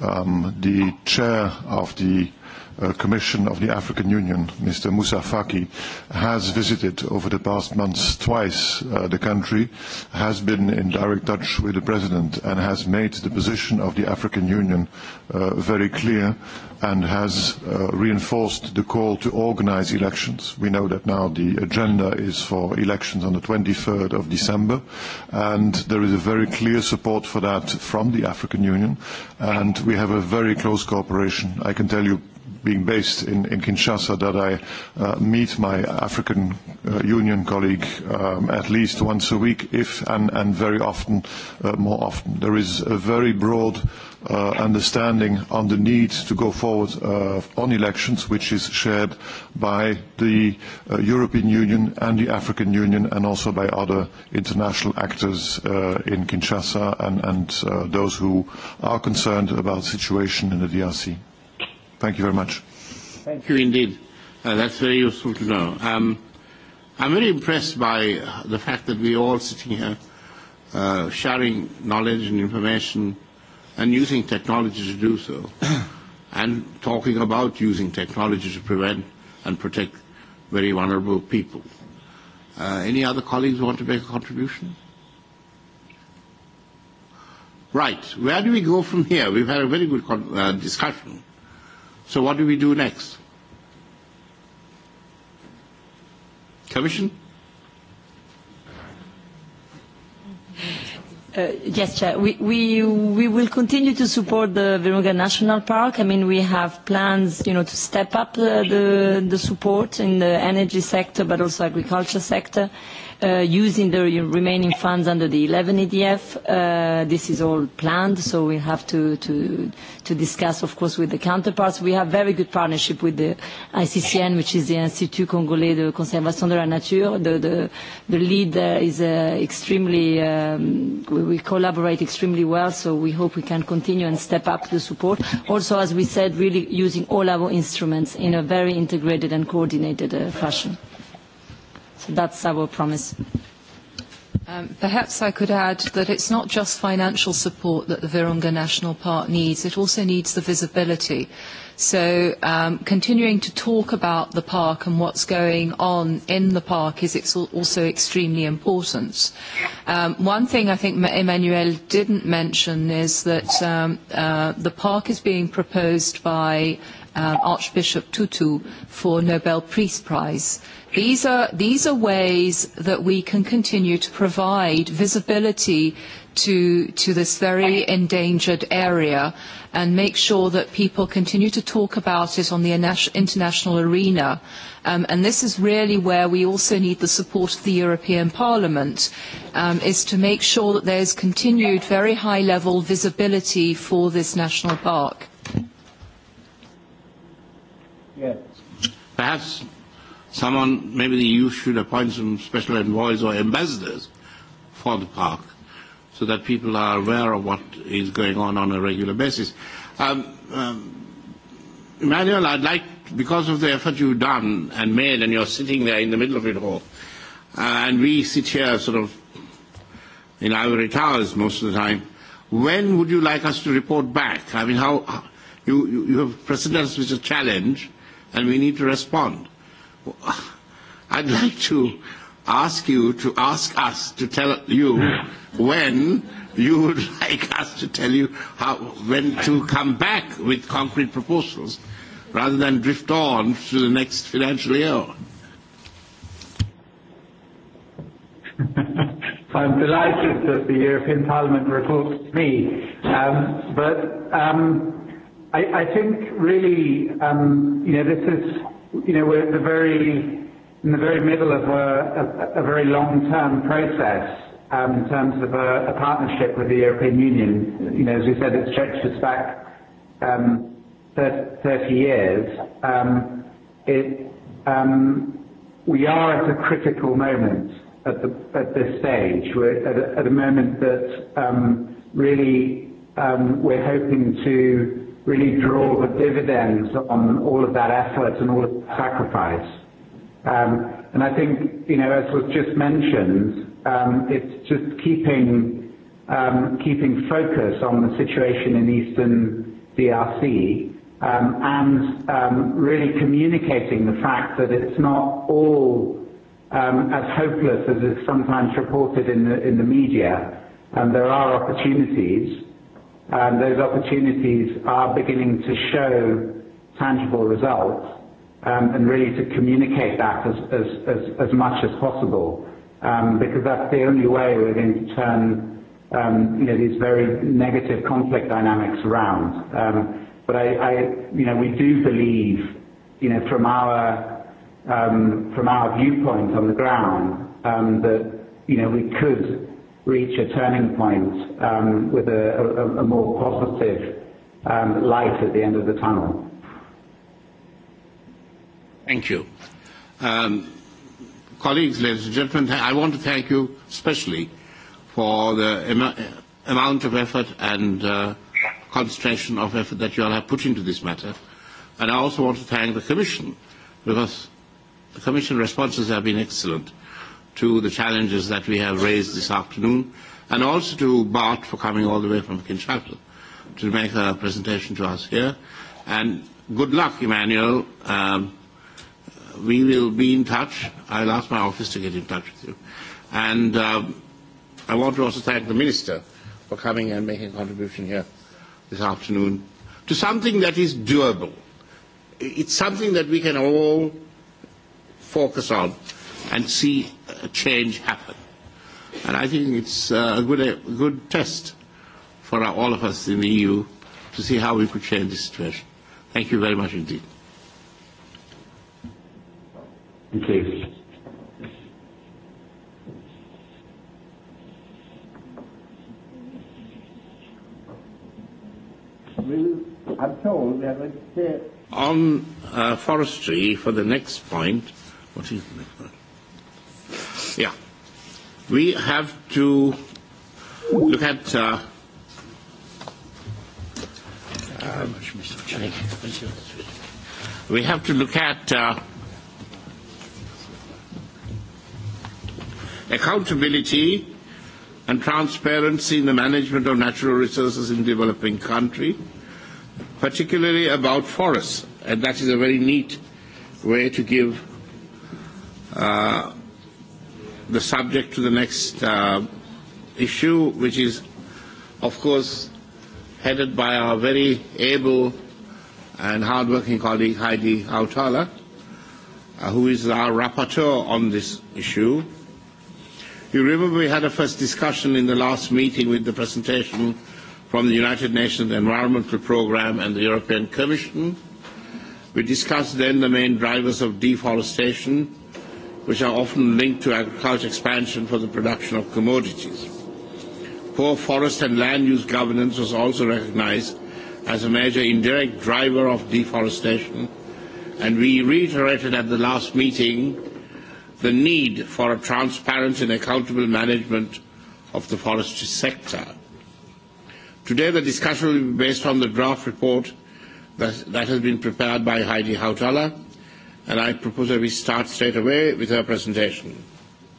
Um, the chair of the uh, Commission of the African Union, Mr. Moussa Faki, has visited over the past months twice uh, the country, has been in direct touch with the President and has made the position of the African Union uh, very clear and has uh, reinforced the call to organize elections. We know that now the agenda is for elections on the 23rd of December, and there is a very clear support for that from the African Union, and we have a very close cooperation. I can tell you being based in, in Kinshasa that I uh, meet my African uh, Union colleague um, at least once a week, if and, and very often, uh, more often. There is a very broad uh, understanding on the need to go forward uh, on elections, which is shared by the uh, European Union and the African Union and also by other international actors uh, in Kinshasa and, and uh, those who are concerned about the situation in the DRC. Thank you very much. Thank you indeed. Uh, that's very useful to know. Um, I'm very impressed by the fact that we're all sitting here uh, sharing knowledge and information and using technology to do so and talking about using technology to prevent and protect very vulnerable people. Uh, any other colleagues want to make a contribution? Right. Where do we go from here? We've had a very good con- uh, discussion. So what do we do next? Commission? Uh, yes, Chair. We, we, we will continue to support the Virunga National Park. I mean, we have plans, you know, to step up uh, the, the support in the energy sector, but also agriculture sector. Uh, Uh, using the remaining funds under the 11 EDF. Uh, this is all planned, so we have to discuss, of course, with the counterparts. We have very good partnership with the ICCN, which is the Institut Congolais de Conservation de la Nature. The lead there is uh, extremely. Um, we collaborate extremely well, so we hope we can continue and step up the support. Also, as we said, really using all our instruments in a very integrated and coordinated fashion. That's our promise. Um, perhaps I could add that it's not just financial support that the Virunga National Park needs, it also needs the visibility. So um, continuing to talk about the park and what's going on in the park is ex also extremely important. Um, one thing I think Emmanuel didn't mention is that um, uh, the park is being proposed by uh, um, Archbishop Tutu for Nobel Peace Prize. These are, these are ways that we can continue to provide visibility to, to this very endangered area and make sure that people continue to talk about it on the international arena. Um, and this is really where we also need the support of the European Parliament, um, is to make sure that there's continued very high-level visibility for this national park. Okay. perhaps someone, maybe the EU should appoint some special envoys or ambassadors for the park so that people are aware of what is going on on a regular basis. Um, um, Emmanuel, I'd like, because of the effort you've done and made, and you're sitting there in the middle of it all, uh, and we sit here sort of in ivory towers most of the time, when would you like us to report back? I mean, how, you, you have precedence with a challenge, uh, and we need to respond. I'd like to ask you to ask us to tell you when you would like us to tell you how, when to come back with concrete proposals rather than drift on to the next financial year. I'm delighted that the European Parliament reports to me, um, but um, I think really, um, you know, this is, you know, we're at the very, in the very middle of a, a, a very long-term process um, in terms of a, a partnership with the European Union. You know, as we said, it stretches back um, 30 years. Um, it, um, we are at a critical moment at, the, at this stage. We're at a, at a moment that um, really um, we're hoping to really draw the dividends on all of that effort and all of that sacrifice. Um, and I think, you know, as was just mentioned, um, it's just keeping um, keeping focus on the situation in Eastern DRC um, and um, really communicating the fact that it's not all um, as hopeless as is sometimes reported in the in the media, and um, there are opportunities those opportunities are beginning to show tangible results, um, and really to communicate that as much as possible, um, because that's the only way we're going to turn um, these very negative conflict dynamics around. We do believe, from our viewpoint on the ground, that we could reach a turning point um, with a more positive um, light at the end of the tunnel. Thank you. Um, colleagues, ladies and gentlemen, I want to thank you especially for the amount of effort and uh, concentration of effort that you all have put into this matter. I also want to thank the commission, because the commission responses have been excellent to the challenges that we have raised this afternoon, and also to Bart for coming all the way from Kinshasa to make a presentation to us here. And good luck, Emmanuel. Um, we will be in touch. I'll ask my office to get in touch with you. And um, I want to also thank the Minister for coming and making a contribution here this afternoon to something that is doable. It's something that we can all focus on and see a change happen. And I think it's a good, a good test for all of us in the EU to see how we could change this situation. Thank you very much indeed. Thank you. I'm told that it's there. On uh, forestry, for the next point, what is the next point? Yeah. We have to look at. Uh, um, we have to look at uh, accountability and transparency in the management of natural resources in developing country, particularly about forests. And that is a very neat way to give uh, the subject to the next uh, issue, which is, of course, headed by our very able and hardworking colleague Heidi Autala, uh, who is our rapporteur on this issue. You remember we had a first discussion in the last meeting with the presentation from the United Nations Environmental Programme and the European Commission. We discussed then the main drivers of deforestation which are often linked to agriculture expansion for the production of commodities. Poor forest and land use governance was also recognized as a major indirect driver of deforestation, and we reiterated at the last meeting the need for a transparent and accountable management of the forestry sector. Today the discussion will be based on the draft report that, that has been prepared by Heidi Hautala, and I propose that we start straight away with our presentation.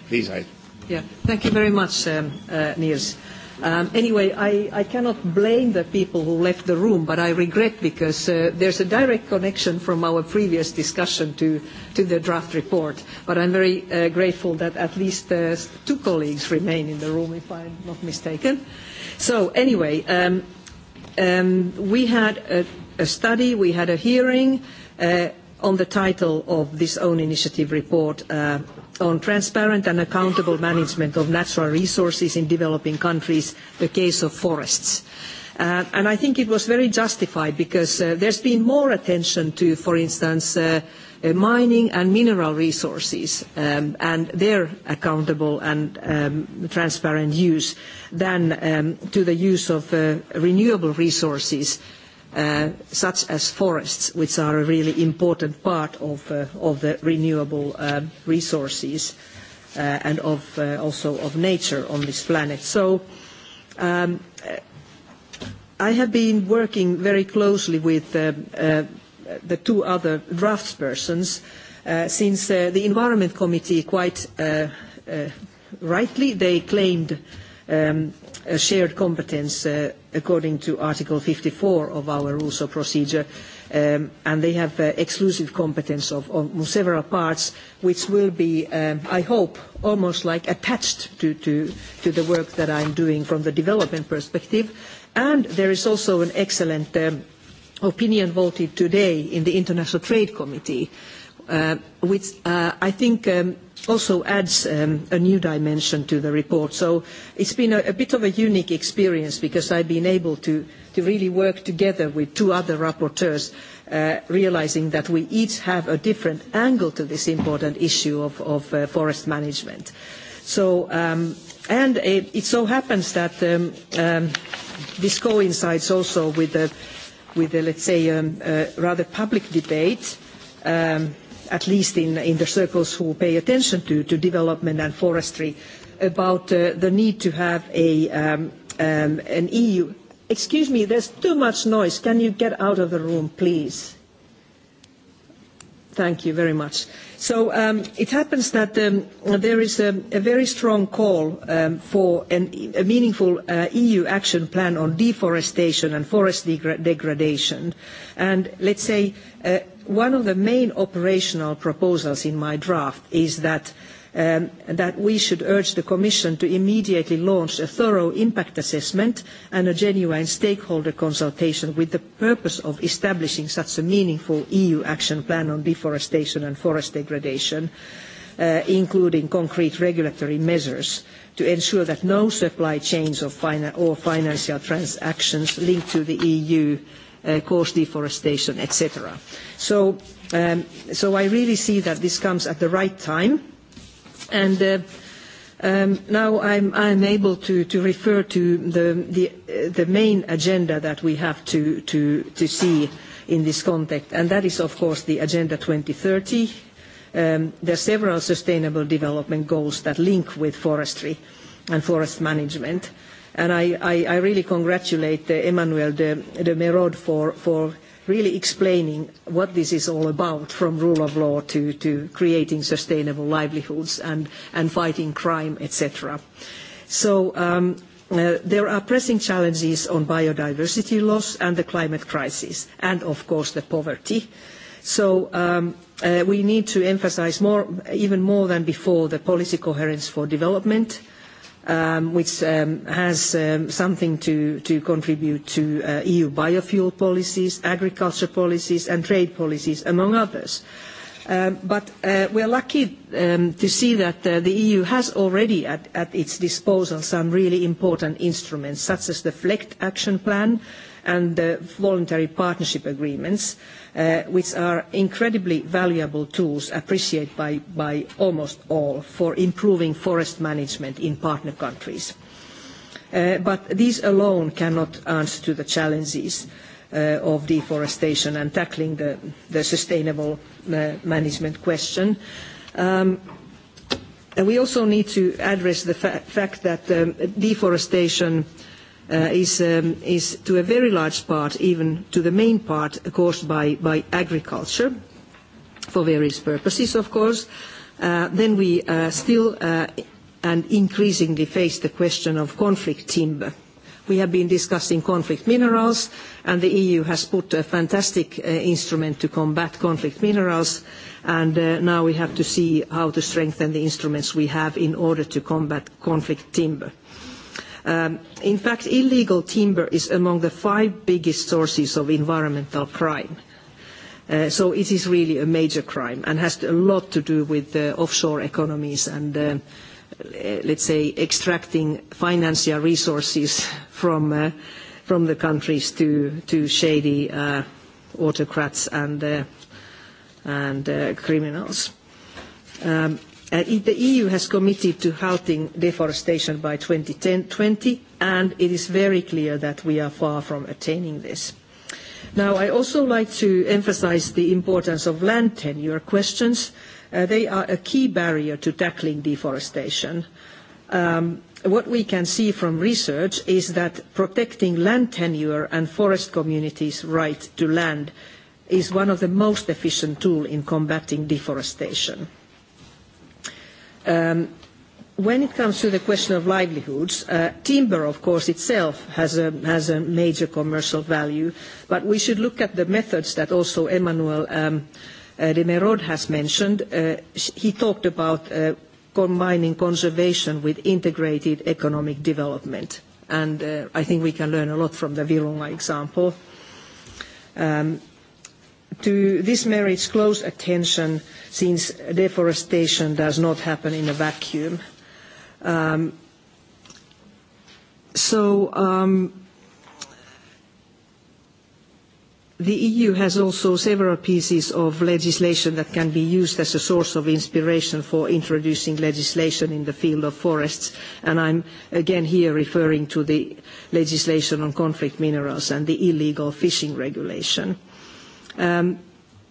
Please, I. Yeah, thank you very much, um, uh, Niels. Um, anyway, I, I cannot blame the people who left the room, but I regret because uh, there's a direct connection from our previous discussion to, to the draft report. But I'm very uh, grateful that at least uh, two colleagues remain in the room, if I'm not mistaken. So anyway, um, um, we had a, a study, we had a hearing. Uh, on the title of this own initiative report uh, on transparent and accountable management of natural resources in developing countries, the case of forests. Uh, and I think it was very justified because uh, there's been more attention to, for instance, uh, uh, mining and mineral resources um, and their accountable and um, transparent use than um, to the use of uh, renewable resources uh, Uh, such as forests, which are a really important part of, uh, of the renewable um, resources uh, and of, uh, also of nature on this planet. So um, uh, I have been working very closely with uh, uh, the two other draftspersons uh, since uh, the Environment Committee quite uh, uh, rightly, they claimed um, shared competence uh, according to Article 54 of our rules of procedure, um, and they have uh, exclusive competence of, of several parts, which will be, um, I hope, almost like attached to, to, to the work that I'm doing from the development perspective. And there is also an excellent um, opinion voted today in the International Trade Committee, uh, which uh, I think um, also adds um, a new dimension to the report. So it's been a, a bit of a unique experience because I've been able to, to really work together with two other rapporteurs, uh, realizing that we each have a different angle to this important issue of, of uh, forest management. So, um, and it, it so happens that um, um, this coincides also with, a, with a, let's say, um, a uh, rather public debate um, at least in, in the circles who pay attention to, to development and forestry, about uh, the need to have a, um, um, an EU. Excuse me, there's too much noise. Can you get out of the room, please? Thank you very much. So um, it happens that um, there is a, a very strong call um, for an, a meaningful uh, EU action plan on deforestation and forest degra- degradation. And let's say uh, one of the main operational proposals in my draft is that, um, that we should urge the Commission to immediately launch a thorough impact assessment and a genuine stakeholder consultation with the purpose of establishing such a meaningful EU action plan on deforestation and forest degradation, uh, including concrete regulatory measures to ensure that no supply chains of fina or financial transactions linked to the EU Uh, cause deforestation, etc. So, um, so I really see that this comes at the right time. And uh, um, now I'm, I'm able to, to refer to the, the, uh, the main agenda that we have to, to, to see in this context, and that is, of course, the Agenda 2030. Um, there are several sustainable development goals that link with forestry and forest management. Uh, and I, I, I really congratulate uh, Emmanuel de, de Merod for, for really explaining what this is all about, from rule of law to, to creating sustainable livelihoods and, and fighting crime, etc. So um, uh, there are pressing challenges on biodiversity loss and the climate crisis, and of course the poverty. So um, uh, we need to emphasize more, even more than before, the policy coherence for development. Uh, Um, which um, has um, something to contribute to uh, EU biofuel policies, agriculture policies, and trade policies, among others. Uh, We are lucky to see that uh, the EU has already at its disposal some really important instruments, such as the FLECT action plan, and the voluntary partnership agreements, uh, which are incredibly valuable tools appreciated by, by almost all for improving forest management in partner countries. Uh, but these alone cannot answer to the challenges uh, of deforestation and tackling the, the sustainable uh, management question. Um, and we also need to address the fa fact that um, deforestation uh, Uh, um, is to a very large part, even to the main part, caused by agriculture for various purposes, of course, uh, then we uh, still and increasingly face the question of conflict timber. We have been discussing conflict minerals, and the EU has put a fantastic instrument to combat conflict minerals, and now we have to see how to strengthen the instruments we have in order to combat conflict timber. Um, in fact, illegal timber is among the five biggest sources of environmental crime. Uh, so it is really a major crime and has a lot to do with uh, offshore economies and, uh, uh let's say, extracting financial resources from, uh, from the countries to, to shady uh, autocrats and, uh, and uh, criminals. Um, Uh, the EU has committed to halting deforestation by 2020, and it is very clear that we are far from attaining this. Now, I also like to emphasize the importance of land tenure questions. Uh, they are a key barrier to tackling deforestation. Um, what we can see from research is that protecting land tenure and forest communities' right to land is one of the most efficient tools in combating deforestation. Um, when it comes to the question of livelihoods, uh, timber, of course, itself has a, has a major commercial value, but we should look at the methods that also Emmanuel um, uh, de Merod has mentioned. Uh, he talked about uh, combining conservation with integrated economic development, and uh, I think we can learn a lot from the Virunga example. Um, to this merits close attention since deforestation does not happen in a vacuum. Um, so um, the EU has also several pieces of legislation that can be used as a source of inspiration for introducing legislation in the field of forests and I'm again here referring to the legislation on conflict minerals and the illegal fishing regulation. Um,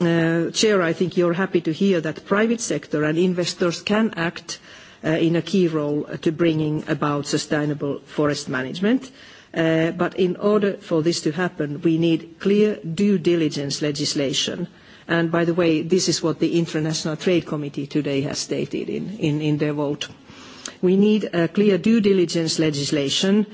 uh, Chair, I think you're happy to hear that private sector and investors can act uh, in a key role to bringing about sustainable forest management. Uh, in order for this to happen, we need clear due diligence legislation. By the way, this is what the International Trade Committee today has stated in their vote. We need a clear due diligence legislation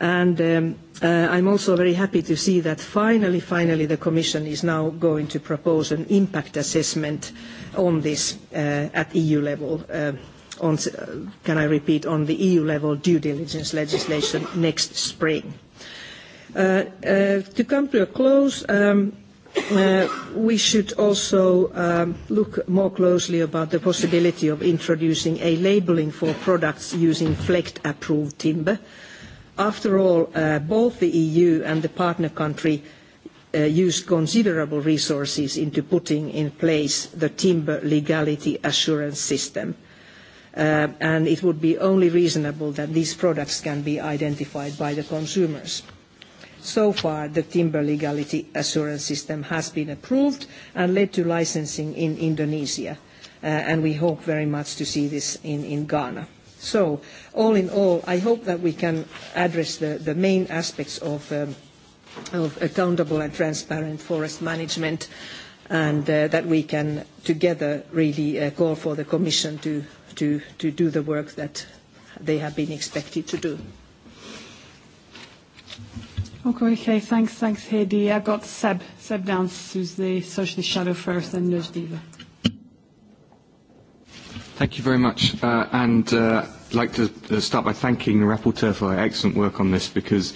Um, uh, I'm also very happy to see that finally the Commission is now going to propose an impact assessment on this uh, at EU level. Uh, can I repeat, on the EU level due diligence legislation next spring. To come to a close, um, we should also um, look more closely about the possibility of introducing a labeling for products using FLEGT-approved timber, After all, uh, both the EU and the partner country uh, use considerable resources into putting in place the timber legality assurance system. Uh, and it would be only reasonable that these products can be identified by the consumers. So far, the timber legality assurance system has been approved and led to licensing in Indonesia. Uh, and we hope very much to see this in, in Ghana. So all in all, I hope that we can address the main aspects um, of accountable and transparent forest management and uh, that we can together really uh, call for the Commission to do the work that they have been expected to do. Okay, thanks. Thanks, Heidi. I've got Seb. Seb Dance, who's the Socialist Shadow first, then Nursdeva. Thank you very much. Uh, and uh, I'd like to uh, start by thanking the rapporteur for her excellent work on this because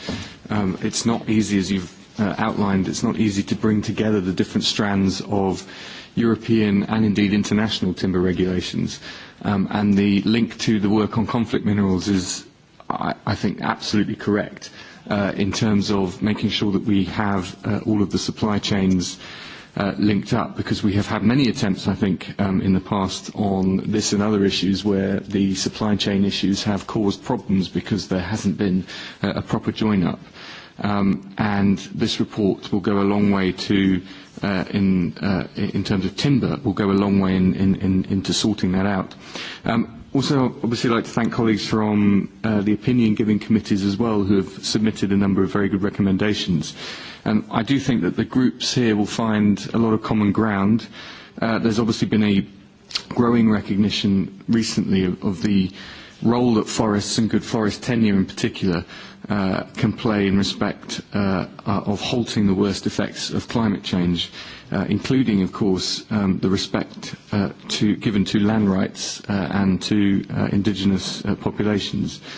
um, it's not easy, as you've uh, outlined, it's not easy to bring together the different strands of European and indeed international timber regulations. Um, and the link to the work on conflict minerals is, I, I think, absolutely correct uh, in terms of making sure that we have uh, all of the supply chains uh, Uh, linked up because we have had many attempts, I think, um, in the past on this and other issues where the supply chain issues have caused problems because there hasn't been uh, a proper join-up. Um, and this report will go a long way to, uh, in, uh, in terms of timber, will go a long way in, in, in, into sorting that out. Um, also, obviously, I'd like to thank colleagues from uh, the opinion-giving committees as well who have submitted a number of very good recommendations. Um, I do think that the groups here will find a lot of common ground. Uh, there's obviously been a growing recognition recently of, of the role that forests and good forest tenure in particular uh, can play in respect uh, uh, of halting the worst effects of climate change, uh, including, of course, um, the respect uh, to, given to land rights uh, and to uh, indigenous uh, populations. Uh,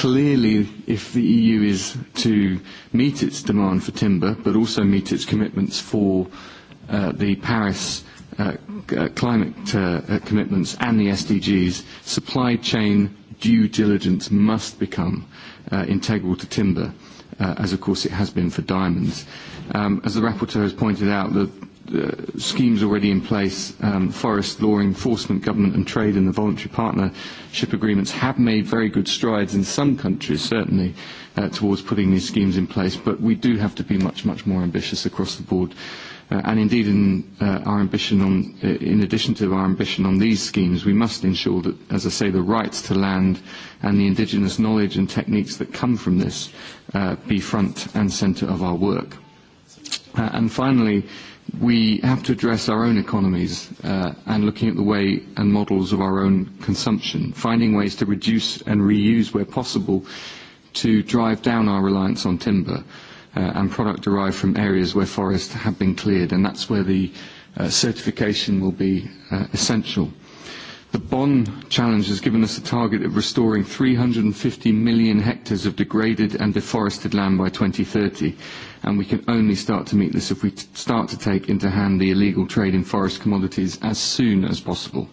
clearly, if the EU is to meet its demand for timber, but also meet its commitments for uh, the Paris uh, uh, climate uh, uh, commitments and the SDGs, supply chain due diligence must become uh, integral to timber, uh, as of course it has been for diamonds. Um, as the rapporteur has pointed out, the uh, schemes already in place, um, forest law enforcement, government and trade and the voluntary partnership agreements have made very good strides in some countries, certainly, uh, towards putting these schemes in place. But we do have to be much, much more ambitious across the board. Uh, and indeed, in, uh, our ambition on, uh, in addition to our ambition on these schemes, we must ensure that, as I say, the rights to land and the indigenous knowledge and techniques that come from this uh, be front and centre of our work. Uh, and finally, uh, we have to address our own economies uh, and looking at the way and models of our own consumption, finding ways to reduce and reuse where possible to drive down our reliance on timber uh, and product derived from areas where forests have been cleared. And that's where the uh, certification will be uh, essential. The Bonn challenge has given us a target of restoring 350 million hectares of degraded and deforested land by 2030, and we can only start to meet this if we t- start to take into hand the illegal trade in forest commodities as soon as possible.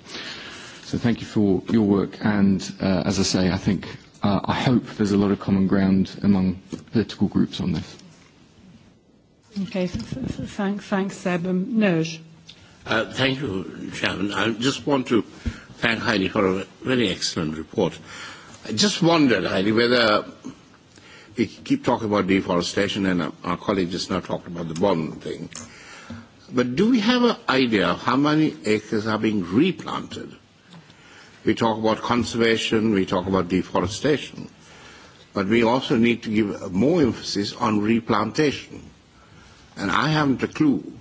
So thank you for your work, and uh, as I say, I think uh, I hope there's a lot of common ground among political groups on this. Okay, th- th- thanks, thanks, Seb. Um, Nerj. Uh, thank you, Chairman. I just want to thank Heidi for a very excellent report. I just wondered, Heidi, whether we keep talking about deforestation and our colleague just now talked about the bond thing. But do we have an idea of how many acres are being replanted? We talk about conservation, we talk about deforestation, but we also need to give more emphasis on replantation. And I haven't a clue,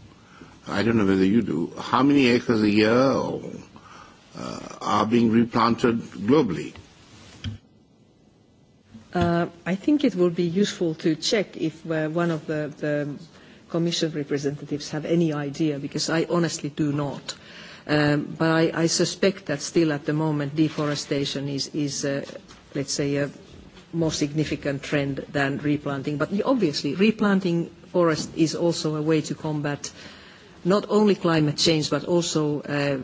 I don't know whether you do, how many acres a year or uh, are being replanted globally? Uh, I think it will be useful to check if uh, one of the, the Commission representatives have any idea, because I honestly do not. Um, but I, I suspect that still at the moment deforestation is, is uh, let's say, a more significant trend than replanting. But obviously, replanting forest is also a way to combat uh, not only climate change, but also uh,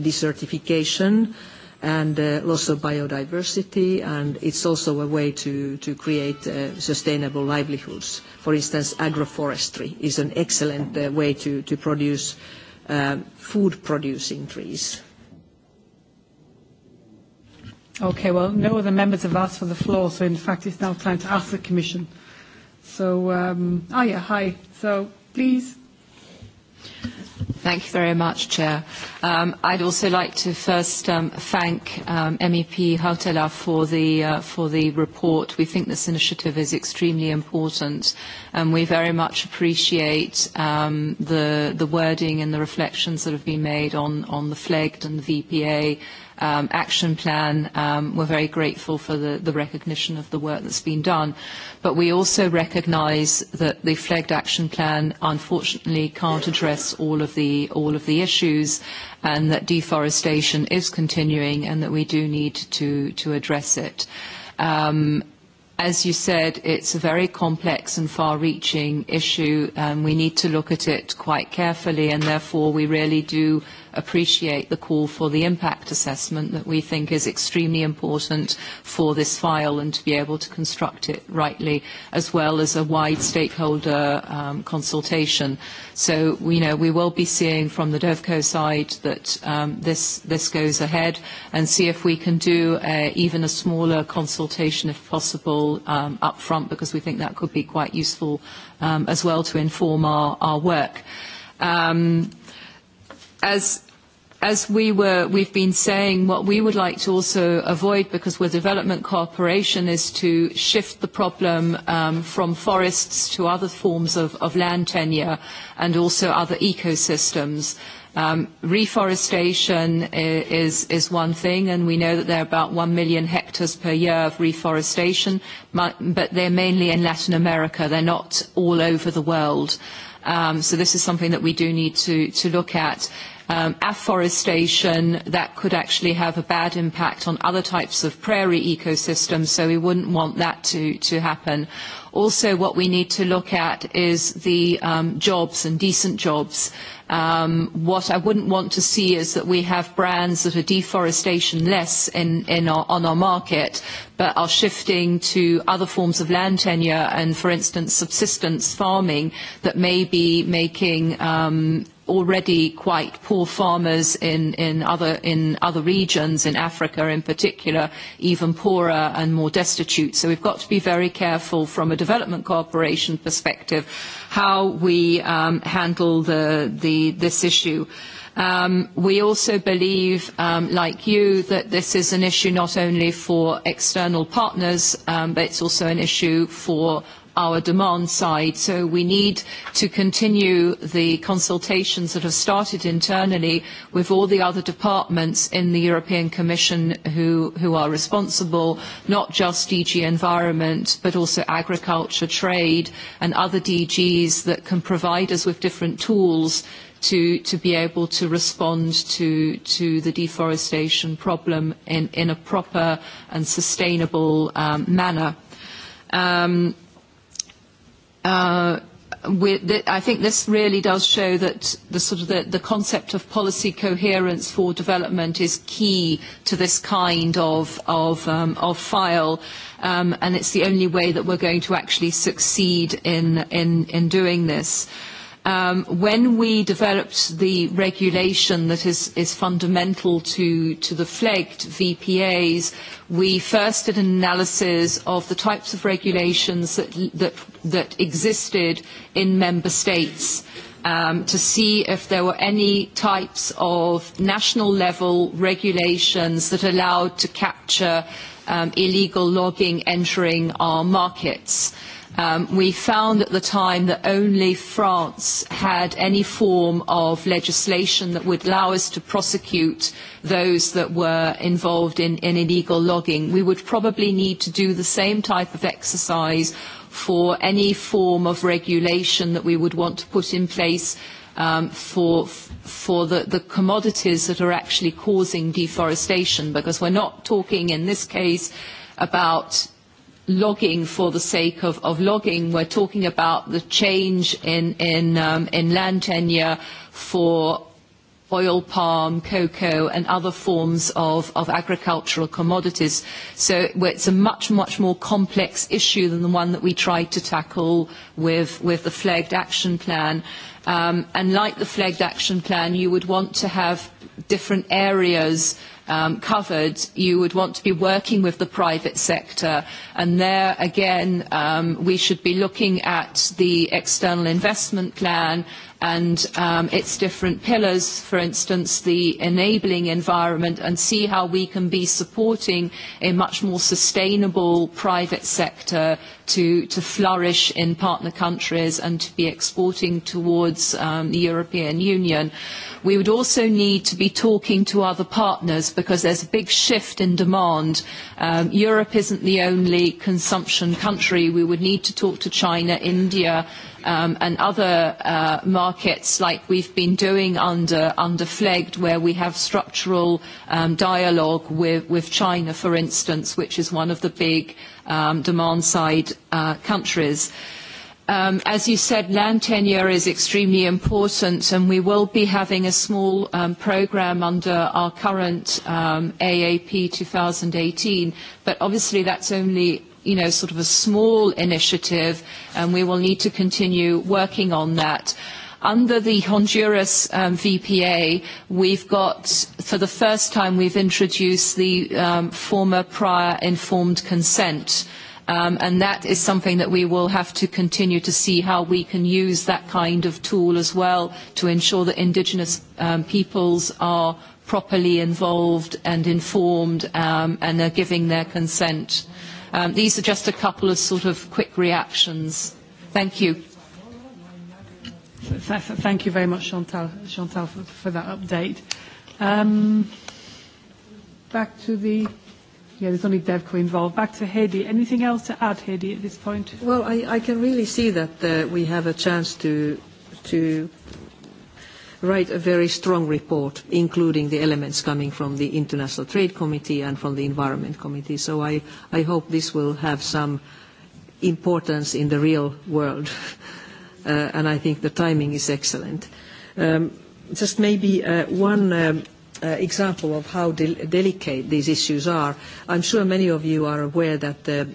desertification and uh, loss of biodiversity, and it's also a way to create uh, sustainable livelihoods. For instance, agroforestry is an excellent way to produce food-producing trees. Okay. Well, no other members have asked for the floor, so in fact, it's now time to ask the commission. Um, oh, yeah. Hi. Please. Thank you very much, Chair. Um, I'd also like to first um, thank um, MEP Hautela for the uh, for the report. We think this initiative is extremely important, and we very much appreciate um, the the wording and the reflections that have been made on on the flagged and the VPA um, action plan. Um, we're very grateful for the, the recognition of the work that's been done. But we also recognize that the flagged action plan unfortunately can't address all of the, all of the issues and that deforestation is continuing and that we do need to, to address it. Um, as you said, it's a very complex and far-reaching issue. Um, we need to look at it quite carefully, and therefore we really do appreciate the call for the impact assessment that we think is extremely important for this file and to be able to construct it rightly, as well as a wide stakeholder um, consultation. So we know we will be seeing from the DevCo side that um, this, this goes ahead and see if we can do a, even a smaller consultation, if possible, um, up front, because we think that could be quite useful um, as well to inform our, our work. Um, as we've been saying, what we would like to also avoid, because we're development cooperation, is to shift the problem um, from forests to other forms of land tenure and also other ecosystems. Um, reforestation is one thing, and we know that there are about 1 million hectares per year of reforestation, but they're mainly in Latin America. They're not all over the world. Um, this is something that we do need to look at um, afforestation that could actually have a bad impact on other types of prairie ecosystems, so we wouldn't want that to, to happen. Also, what we need to look at is the um, jobs and decent jobs. Um, what I wouldn't want to see is that we have brands that are deforestation less in, in our, on our market, but are shifting to other forms of land tenure and, for instance, subsistence farming that may be making um, already quite poor farmers in, in, other, in other regions, in Africa in particular, even poorer and more destitute. So we've got to be very careful from a development cooperation perspective how we um, handle the, the, this issue. Um, we also believe, um, like you, that this is an issue not only for external partners, um, but it's also an issue for our demand side. So we need to continue the consultations that have started internally with all the other departments in the European Commission who are responsible, not just DG Environment, but also Agriculture, Trade, and other DGs that can provide us with different tools to be able to respond to the deforestation problem in a proper and sustainable um, manner. Um, uh, th I think this really does show that the sort of the, the concept of policy coherence for development is key to this kind of of um, of file, um, and it's the only way that we're going to actually succeed in in in doing this um, when we developed the regulation that is, is fundamental to, to the flagged VPAs, we first did an analysis of the types of regulations that, that, that existed in member states um, to see if there were any types of national level regulations that allowed to capture um, illegal logging entering our markets. Um, we found at the time that only France had any form of legislation that would allow us to prosecute those that were involved in, in illegal logging. We would probably need to do the same type of exercise for any form of regulation that we would want to put in place um, for, for the, the commodities that are actually causing deforestation, because we're not talking in this case about logging for the sake of, of logging. We're talking about the change in, in, um, in land tenure for oil palm, cocoa, and other forms of, of agricultural commodities. So it's a much, much more complex issue than the one that we tried to tackle with, with the flagged action plan. Um, and like the flagged action plan, you would want to have different areas um, covered, you would want to be working with the private sector. And there, again, um, we should be looking at the external investment plan and um, its different pillars, for instance, the enabling environment, and see how we can be supporting a much more sustainable private sector to, to flourish in partner countries and to be exporting towards um, the European Union. We would also need to be talking to other partners because there's a big shift in demand. Um, Europe isn't the only consumption country. We would need to talk to China, India, um, and other uh, markets like we've been doing under, under FLEGD, where we have structural um, dialogue with, with China, for instance, which is one of the big um, demand side uh, countries. Um, as you said, land tenure is extremely important, and we will be having a small um, program under our current um, AAP 2018. But obviously, that's only you know sort of a small initiative, and we will need to continue working on that. Under the Honduras um, VPA, we've got, for the first time, we've introduced the um, former prior informed consent. Um, and that is something that we will have to continue to see how we can use that kind of tool as well to ensure that indigenous um, peoples are properly involved and informed um, and are giving their consent. Um, these are just a couple of sort of quick reactions. Thank you. Thank you very much, Chantal, for that update. Um, back to the... Yeah, there's only Devco involved. Back to Hedi. Anything else to add, Hedi, at this point? Well, I can really see that uh, we have a chance to write a very strong report, including the elements coming from the International Trade Committee and from the Environment Committee. So I hope this will have some importance in the real world. Uh, and I think the timing is excellent. Um, just maybe uh, one um, uh, example of how delicate these issues are. I'm sure many of you are aware that the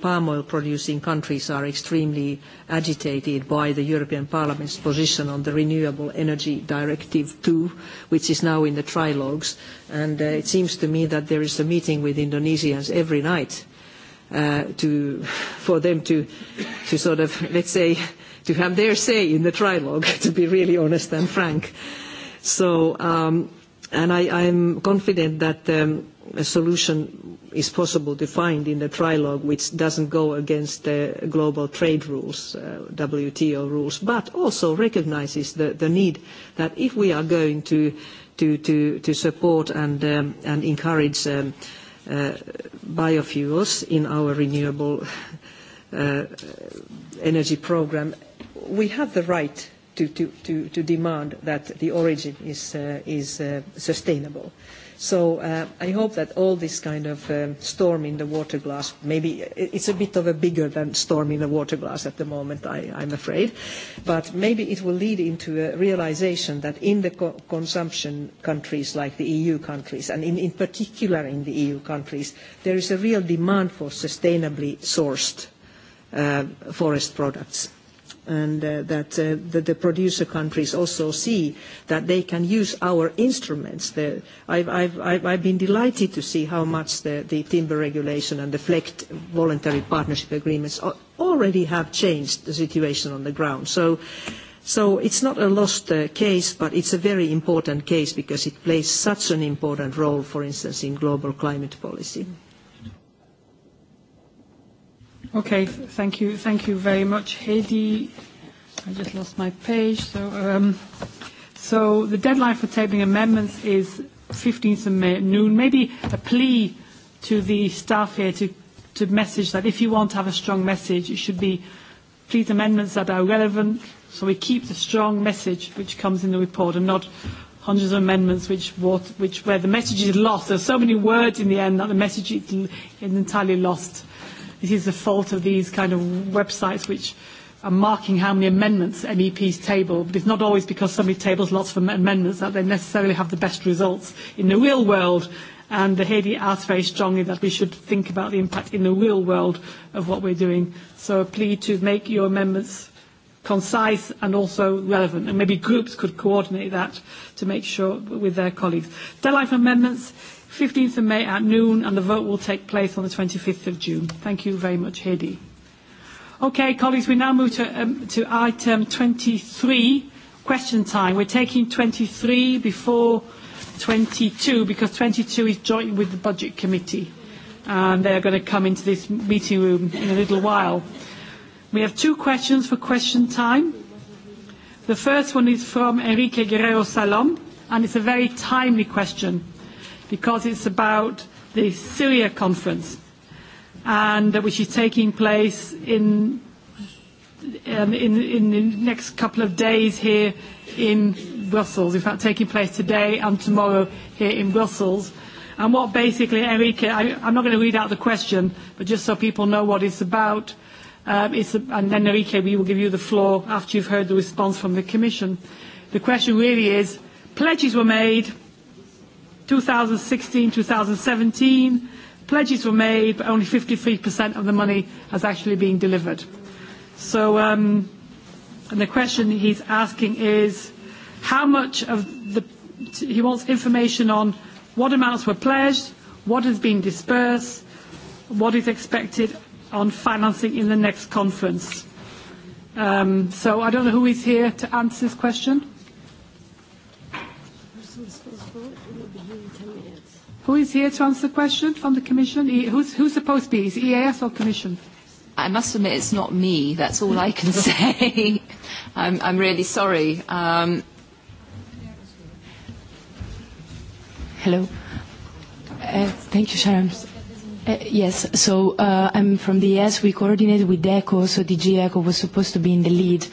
palm oil-producing countries are extremely agitated by the European Parliament's position on the Renewable Energy Directive II, which is now in the trilogues. It seems to me that there is a meeting with Indonesians every night for them to sort of, let's say, to have their say in the trilogue, to be really honest and frank. So, um, and I, I'm confident that um, a solution is possible to find in the trilogue which doesn't go against the global trade rules, uh, WTO rules, but also recognizes the, the need that if we are going to, to, to, to support and, um, and encourage um, uh, biofuels in our renewable uh, energy program, we have the right to, to, to, to demand that the origin is, uh, is uh, sustainable. So uh, I hope that all this kind of um, storm in the water glass, maybe it's a bit of a bigger than storm in the water glass at the moment, I, I'm afraid, but maybe it will lead into a realization that in the co- consumption countries like the EU countries, and in, in particular in the EU countries, there is a real demand for sustainably sourced uh, forest products and uh, that uh, the, the producer countries also see that they can use our instruments. The, I've, I've, I've, I've been delighted to see how much the, the timber regulation and the FLECT voluntary partnership agreements already have changed the situation on the ground. So, so it's not a lost uh, case, but it's a very important case because it plays such an important role, for instance, in global climate policy. Mm-hmm. Okay, thank you. Thank you very much, Heidi. I just lost my page. So, um, so the deadline for tabling amendments is 15th of May at noon. Maybe a plea to the staff here to, to message that if you want to have a strong message, it should be please amendments that are relevant so we keep the strong message which comes in the report and not hundreds of amendments which, which, where the message is lost. There are so many words in the end that the message is entirely lost this is the fault of these kind of websites which are marking how many amendments MEPs table. But it's not always because somebody tables lots of amendments that they necessarily have the best results in the real world. And the Haiti asks very strongly that we should think about the impact in the real world of what we're doing. So a plea to make your amendments concise and also relevant. And maybe groups could coordinate that to make sure with their colleagues. Deadline for amendments 15th of May at noon, and the vote will take place on the 25th of June. Thank you very much, Hedy. Okay, colleagues, we now move to, um, to item 23, question time. We're taking 23 before 22 because 22 is joint with the Budget Committee and they are going to come into this meeting room in a little while. We have two questions for question time. The first one is from Enrique Guerrero Salom and it's a very timely question because it's about the Syria conference, and uh, which is taking place in um, in, in the next couple of days here in Brussels. In fact, taking place today and tomorrow here in Brussels. And what basically, Enrique, I, I'm not going to read out the question, but just so people know what it's about, um, it's, and then Enrique, we will give you the floor after you've heard the response from the Commission. The question really is, pledges were made, 2016, 2017, pledges were made, but only 53% of the money has actually been delivered. So um, and the question he's asking is how much of the, he wants information on what amounts were pledged, what has been dispersed, what is expected on financing in the next conference. Um, so I don't know who is here to answer this question. Who is here to answer the question from the Commission? E who's, who's supposed to be? Is it EAS or Commission? I must admit it's not me. That's all I can say. I'm, I'm really sorry. Um, Hello. Uh, thank you, Sharon. Uh, yes, so uh, I'm from the ES. We coordinate with DECO, so DG ECO was supposed to be in the lead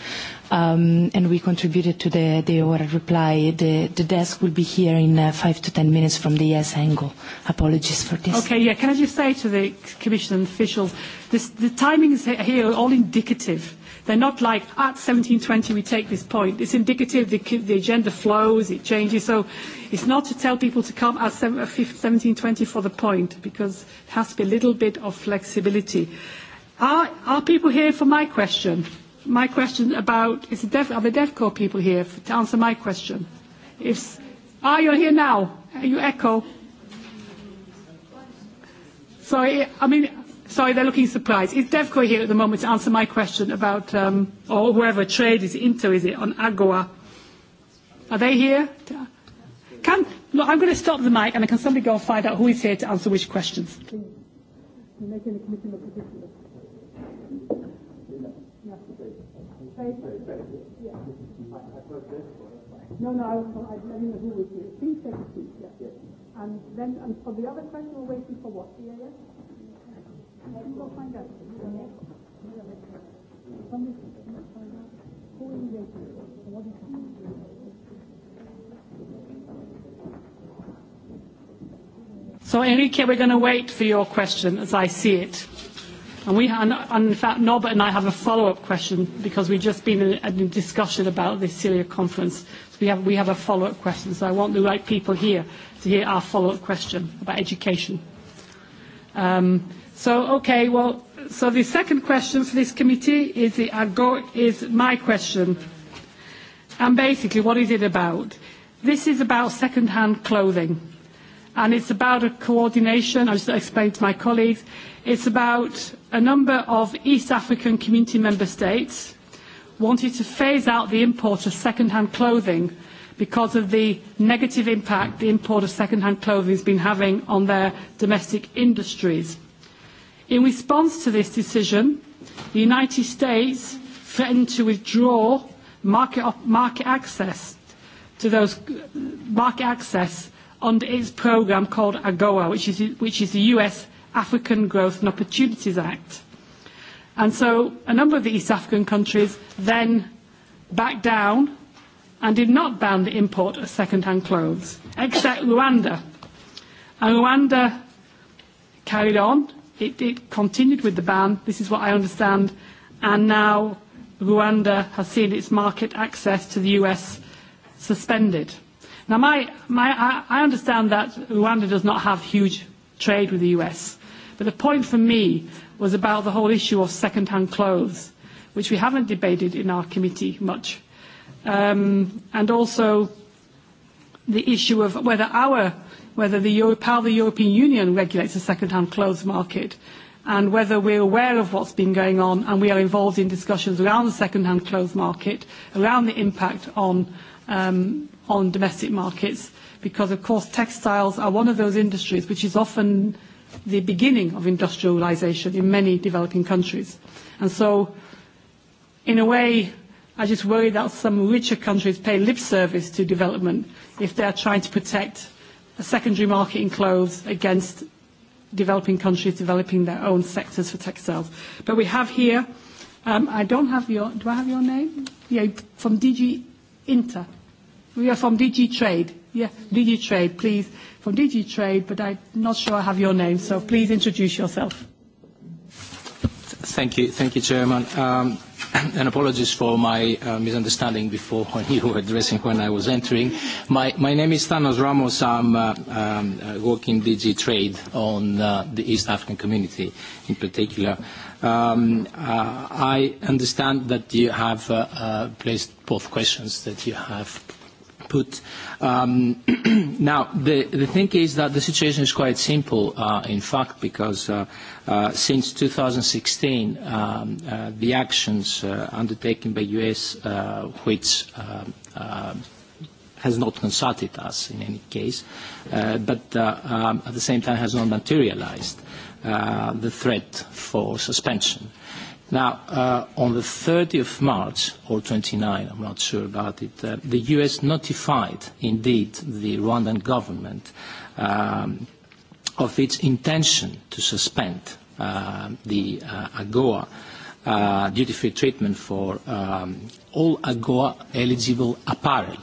um, and we contributed to the, the oral reply. The, the desk will be here in uh, five to ten minutes from the yes angle. Apologies for this. Okay, yeah, can I just say to the Commission and officials, this, the timings here are all indicative. They're not like, at 1720 we take this point. It's indicative, the, the agenda flows, it changes. So it's not to tell people to come at 7, 1720 uh, for the point, because it has to be a little bit of flexibility. Are, are people here for my question? My question about, is the Dev, are the DevCo people here for, to answer my question? If, are ah, you here now? Are you echo? Sorry, I mean, sorry, they're looking surprised. Is DevCo here at the moment to answer my question about, um, or whoever, trade, is it Inter, is it, on Agua? Are they here? Can, look, I'm going to stop the mic and can somebody go and find out who is here to answer which questions? Can you make any commitment No, no, I was I didn't know who was here. Three thirty two, yes. Yeah. And then and for the other question we're waiting for what? Yeah, yeah. So, Enrique, we're going to wait for your question as I see it. And we and, and in fact, Norbert and I have a follow-up question because we've just been in a, in a discussion about this CELIA conference. So we have, we have a follow-up question. So I want the right people here to hear our follow-up question about education. Um, so, okay, well, so the second question for this committee is, the, uh, go, is my question. And basically, what is it about? This is about second-hand clothing and it's about a coordination. I just explained to my colleagues. It's about a number of East African community member states wanting to phase out the import of second-hand clothing because of the negative impact the import of second-hand clothing has been having on their domestic industries. In response to this decision, the United States threatened to withdraw market, market access to those market access under its program called AGOA, which is, which is the US African Growth and Opportunities Act. And so a number of the East African countries then backed down and did not ban the import of second-hand clothes, except Rwanda. And Rwanda carried on. It, it continued with the ban, this is what I understand, and now Rwanda has seen its market access to the US suspended. Now, my, my, I understand that Rwanda does not have huge trade with the US, but the point for me was about the whole issue of second-hand clothes, which we haven't debated in our committee much, um, and also the issue of whether, our, whether the, how the European Union regulates the second-hand clothes market and whether we're aware of what's been going on and we are involved in discussions around the second-hand clothes market, around the impact on um, on domestic markets because, of course, textiles are one of those industries which is often the beginning of industrialization in many developing countries. In a way, I just worry that some richer countries pay lip service to development if they are trying to protect a secondary market in clothes against developing countries developing their own sectors for textiles. We have here, um, do I have your name? Yeah, from DG Inter. We are from DigiTrade. Yeah, DigiTrade, please. From DigiTrade, but I'm not sure I have your name, so please introduce yourself. Thank you. Thank you, Chairman. Um, apologies for my uh, misunderstanding before when you were addressing when I was entering. My name is Thanos Ramos. I'm uh, um, uh, working DigiTrade on the East African Community in particular. Um, I understand that you have placed both questions that you have put. Um, now, the, the thing is that the situation is quite simple, uh, in fact, because uh, uh, since 2016, um, uh, the actions uh, undertaken by U.S., uh, which uh, uh, has not consulted us in any case, uh, but uh, um, at the same time has not materialized uh, the threat for suspension. Uh, Now, uh, on the 30th of March, or 29, I'm not sure about it, uh, the US notified indeed the Rwandan government um, of its intention to suspend uh, the uh, AGOA uh, duty-free treatment for um, all AGOA-eligible apparel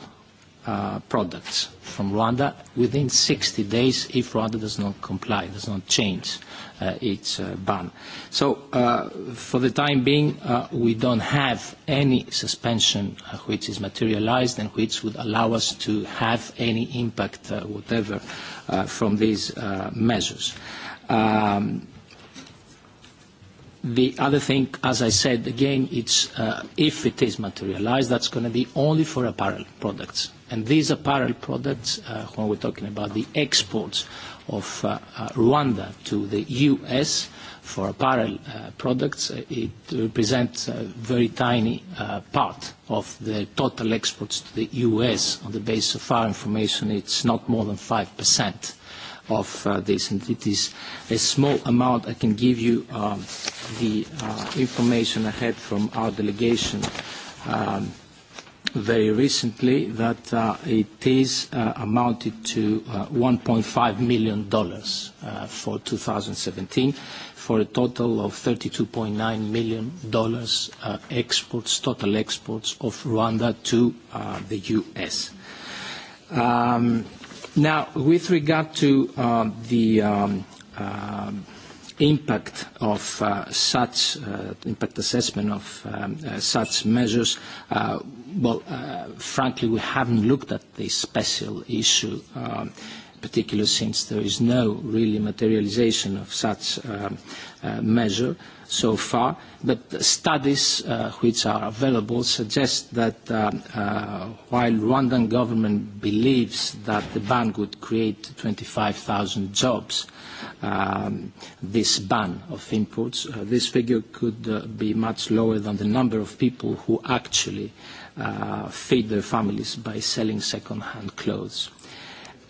uh, products from Rwanda within 60 days if Rwanda does not comply, does not change. Uh, Uh, its uh, ban. Uh, for the time being, we don't have any suspension which is materialized and which would allow us to have any impact whatever from these measures. Um, the other thing, as I said, again, it's if it is materialized, that's gonna be only for apparel products. These apparel products, when we're talking about the exports of uh, uh, Rwanda to the US for apparel uh, products, it represents a very tiny uh, part of the total exports to the US. On the basis of our information, it's not more than 5% of uh, this and it is a small amount I can give you um, the uh, information ahead from our delegation um, very recently that uh, it is uh, amounted to uh, $1.5 million uh, for 2017 for a total of $32.9 million uh, exports, total exports of Rwanda to uh, the U.S. Um, now, with regard to uh, the um, uh, impact of uh, such uh, impact assessment of um, uh, such measures, uh, Well, uh, frankly, we haven't looked at this special issue, um, particularly since there is no really materialization of such um, uh, measure so far. But studies uh, which are available suggest that uh, uh, while Rwandan government believes that the ban would create 25,000 jobs, um, this ban of imports, uh, this figure could uh, be much lower than the number of people who actually uh, Uh, feed their families by selling second-hand clothes.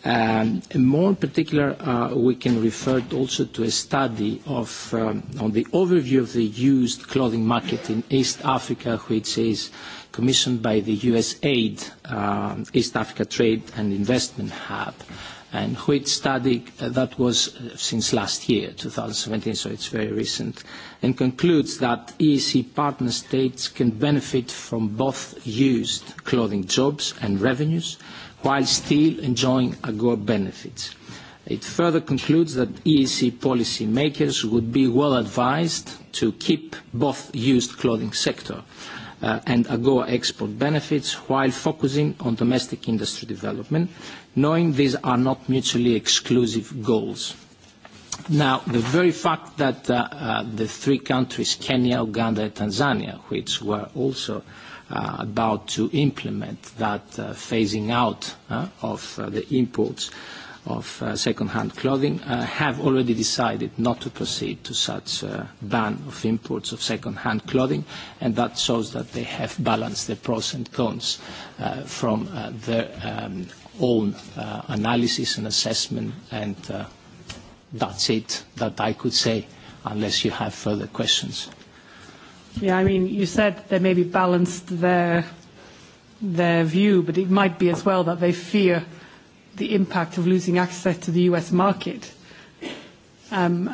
Um, more in particular, uh, we can refer also to a study of, um, on the overview of the used clothing market in East Africa, which is uh, commissioned by the USAID um, uh, East Africa Trade and Investment Hub, and which study uh, that was uh, since last year, 2017, so it's very recent, and concludes that EEC partner states can benefit from both used clothing jobs and revenues, while still enjoying AGOA benefits. It further concludes that EEC policymakers would be well advised to keep both used clothing sector uh, Uh, and AGOA export benefits while focusing on domestic industry development, knowing these are not mutually exclusive goals. Now, the very fact that uh, uh, the three countries, Kenya, Uganda, and Tanzania, which were also about to implement that phasing out of the imports, of uh, second-hand clothing uh, have already decided not to proceed to such a uh, ban of imports of second-hand clothing, and that shows that they have balanced the pros and cons uh, from uh, their um, own uh, analysis and assessment, and uh, that's it that I could say, unless you have further questions. Yeah, I mean, you said they maybe balanced their, their view, but it might be as well that they fear the impact of losing access to the US market. Um,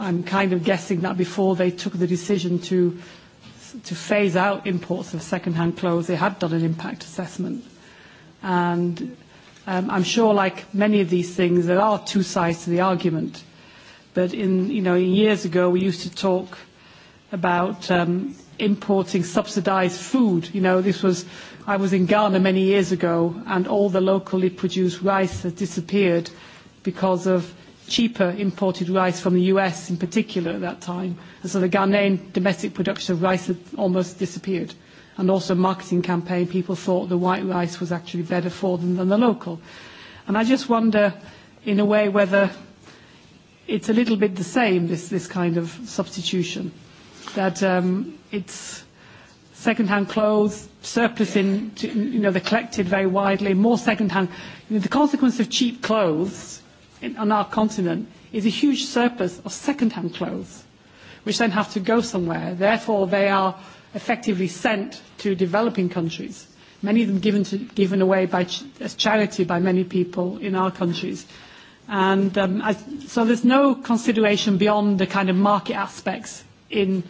I'm kind of guessing that before they took the decision to, to phase out imports of second-hand clothes, they had done an impact assessment. And um, I'm sure, like many of these things, there are two sides to the argument. But in, you know, years ago, we used to talk about um, importing subsidized food. You know, this was I was in Ghana many years ago and all the locally produced rice has disappeared because of cheaper imported rice from the US in particular at that time. And so the Ghanaian domestic production of rice had almost disappeared. And also marketing campaign, people thought the white rice was actually better for them than the local. And I just wonder, in a way, whether it's a little bit the same, this, this kind of substitution, that um, it's second-hand clothes, surplus in, to, you know, they're collected very widely, more second-hand. You know, the consequence of cheap clothes in, on our continent is a huge surplus of second-hand clothes, which then have to go somewhere. Therefore, they are effectively sent to developing countries, many of them given, to, given away by ch- as charity by many people in our countries. And um, I, so there's no consideration beyond the kind of market aspects in,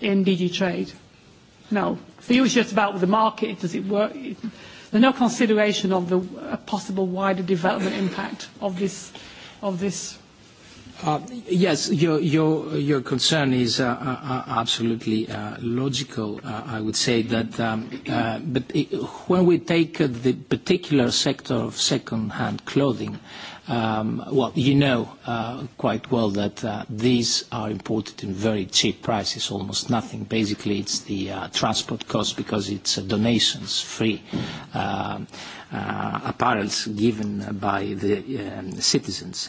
in DG trade. No. For you, it's just about the market. Does it work? There's no consideration of the a possible wider development impact of this. Of this. Uh, yes, your, your, your concern is uh, uh, uh absolutely uh, logical, uh, I would say. that. Um, uh, but it, when we take uh, the particular sector of second-hand clothing, uh, Um, well, you know uh, quite well that uh, these are imported in very cheap prices, almost nothing. Basically, it's the uh, transport cost because it's donations, free apparels given by the um, citizens.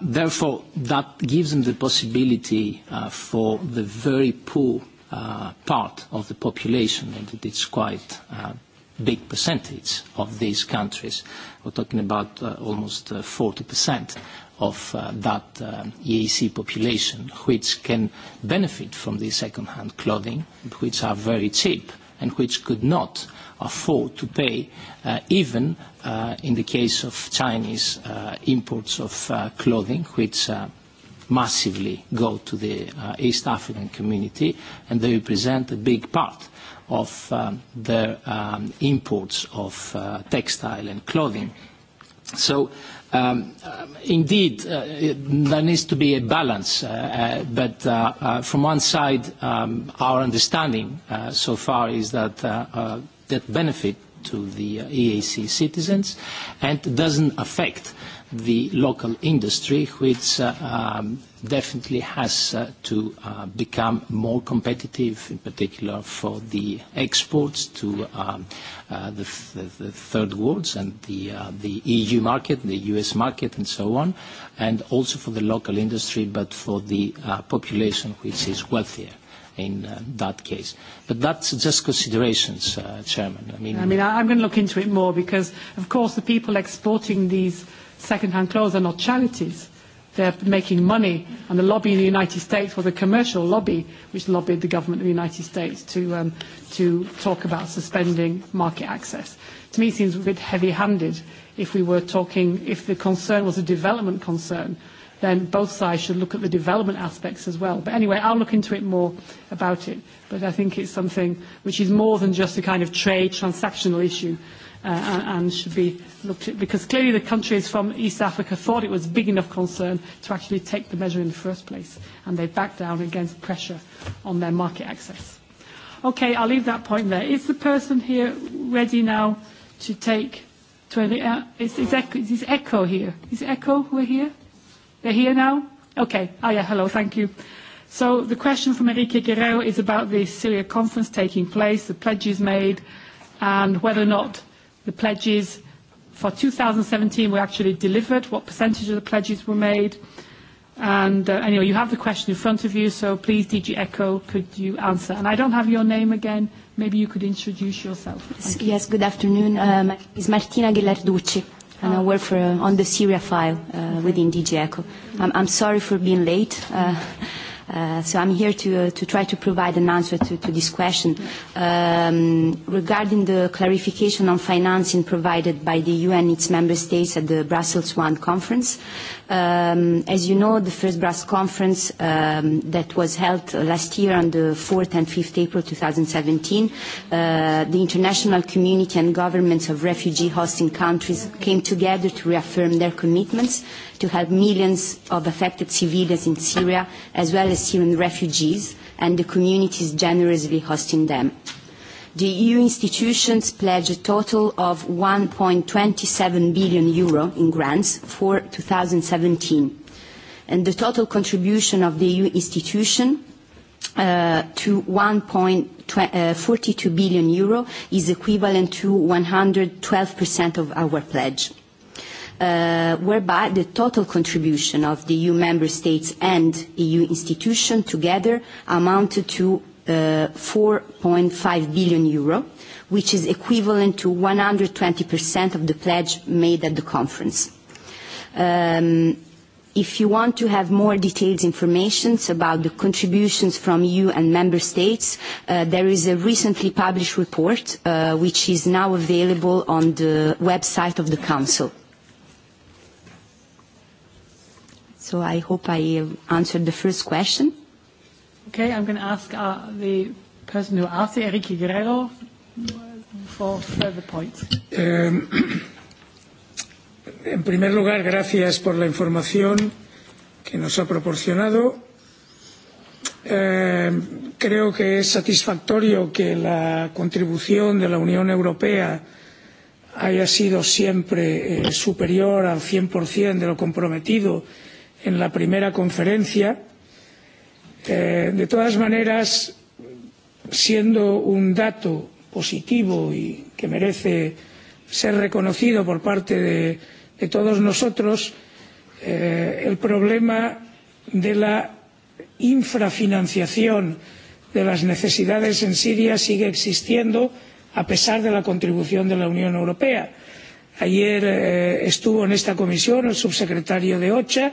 Therefore, that gives them the possibility for the very poor part of the population, and it is quite big percentage of these countries. We're talking about uh, almost uh, 40% of uh, that uh, EAC population, which can benefit from the second-hand clothing, which are very cheap, and which could not afford to pay, uh, even uh, in the case of Chinese uh, imports of uh, clothing, which uh, massively go to the uh, East African community, and they represent a big part of um, their um, imports of uh, textile and clothing. So um, indeed, uh, there needs to be a balance. Uh, but from one side, our understanding so far is that that benefit to the EAC citizens and doesn't affect the local industry, which definitely has uh, to uh, become more competitive, in particular for the exports to um, uh, the third worlds and the EU e market, the U.S. market, and so on, and also for the local industry, but for the population, which is wealthier in that case. But that's just considerations, Chairman. I mean- I mean, I'm gonna look into it more because, of course, the people exporting these secondhand clothes are not charities they're making money. And the lobby in the United States was a commercial lobby which lobbied the government of the United States to, um, to talk about suspending market access. To me, it seems a bit heavy handed if we were talking, if the concern was a development concern. Then both sides should look at the development aspects as well. But anyway, I'll look into it more about it. But I think it's something which is more than just a kind of trade transactional issue uh, and should be looked at because clearly the countries from East Africa thought it was big enough concern to actually take the measure in the first place and they backed down against pressure on their market access. Okay, I'll leave that point there. Is the person here ready now to take to, uh, is, is, echo, is echo here? Is echo we're here? They're here now? Okay. Oh yeah, hello, thank you. So the question from Enrique Guerrero is about the Syria conference taking place, the pledges made, and whether or not the pledges for 2017 were actually delivered, what percentage of the pledges were made. Uh, anyway, you have the question in front of you, so please, DG Echo, could you answer? I don't have your name again. Maybe you could introduce yourself. Thank you. Yes. Good afternoon. My um, name is Martina Ghilardi, and I work uh, on the Syria file uh, within DG Echo. I'm sorry for being late. Uh, so I'm here to, uh, to try to provide an answer to, to this question. Um, regarding the clarification on financing provided by the UN, its member states at the Brussels 1 conference, uh, Um, as you know, the first brass conference um, that was held last year on the 4th and 5th April 2017, uh, the international community and governments of refugee hosting countries came together to reaffirm their commitments to help millions of affected civilians in Syria, as well as Syrian refugees and the communities generously hosting them the EU institutions pledge a total of 1.27 billion euro in grants for 2017. And the total contribution of the EU institution uh, to 1.42 uh, billion euro is equivalent to 112% of our pledge. Uh, whereby the total contribution of the EU member states and EU institutions together amounted to 4.5 uh, billion euro, which is equivalent to 120% of the pledge made at the conference. Um, if you want to have more detailed information about the contributions from EU and member states, uh, there is a recently published report, uh, which is now available on the website of the council. I hope I answered the first question. Okay, I'm going to ask uh, the person who asked it, Enrique Guerrero, for further points. Um, en primer lugar, gracias por la información que nos ha proporcionado. Eh, creo que es satisfactorio que la contribución de la Unión Europea haya sido siempre eh, superior al 100% de lo comprometido en la primera conferencia. Eh, Eh, de todas maneras, siendo un dato positivo y que merece ser reconocido por parte de, de todos nosotros, eh, el problema de la infrafinanciación de las necesidades en Siria sigue existiendo a pesar de la contribución de la Unión Europea. Ayer eh, estuvo en esta comisión el subsecretario de OCHA, eh,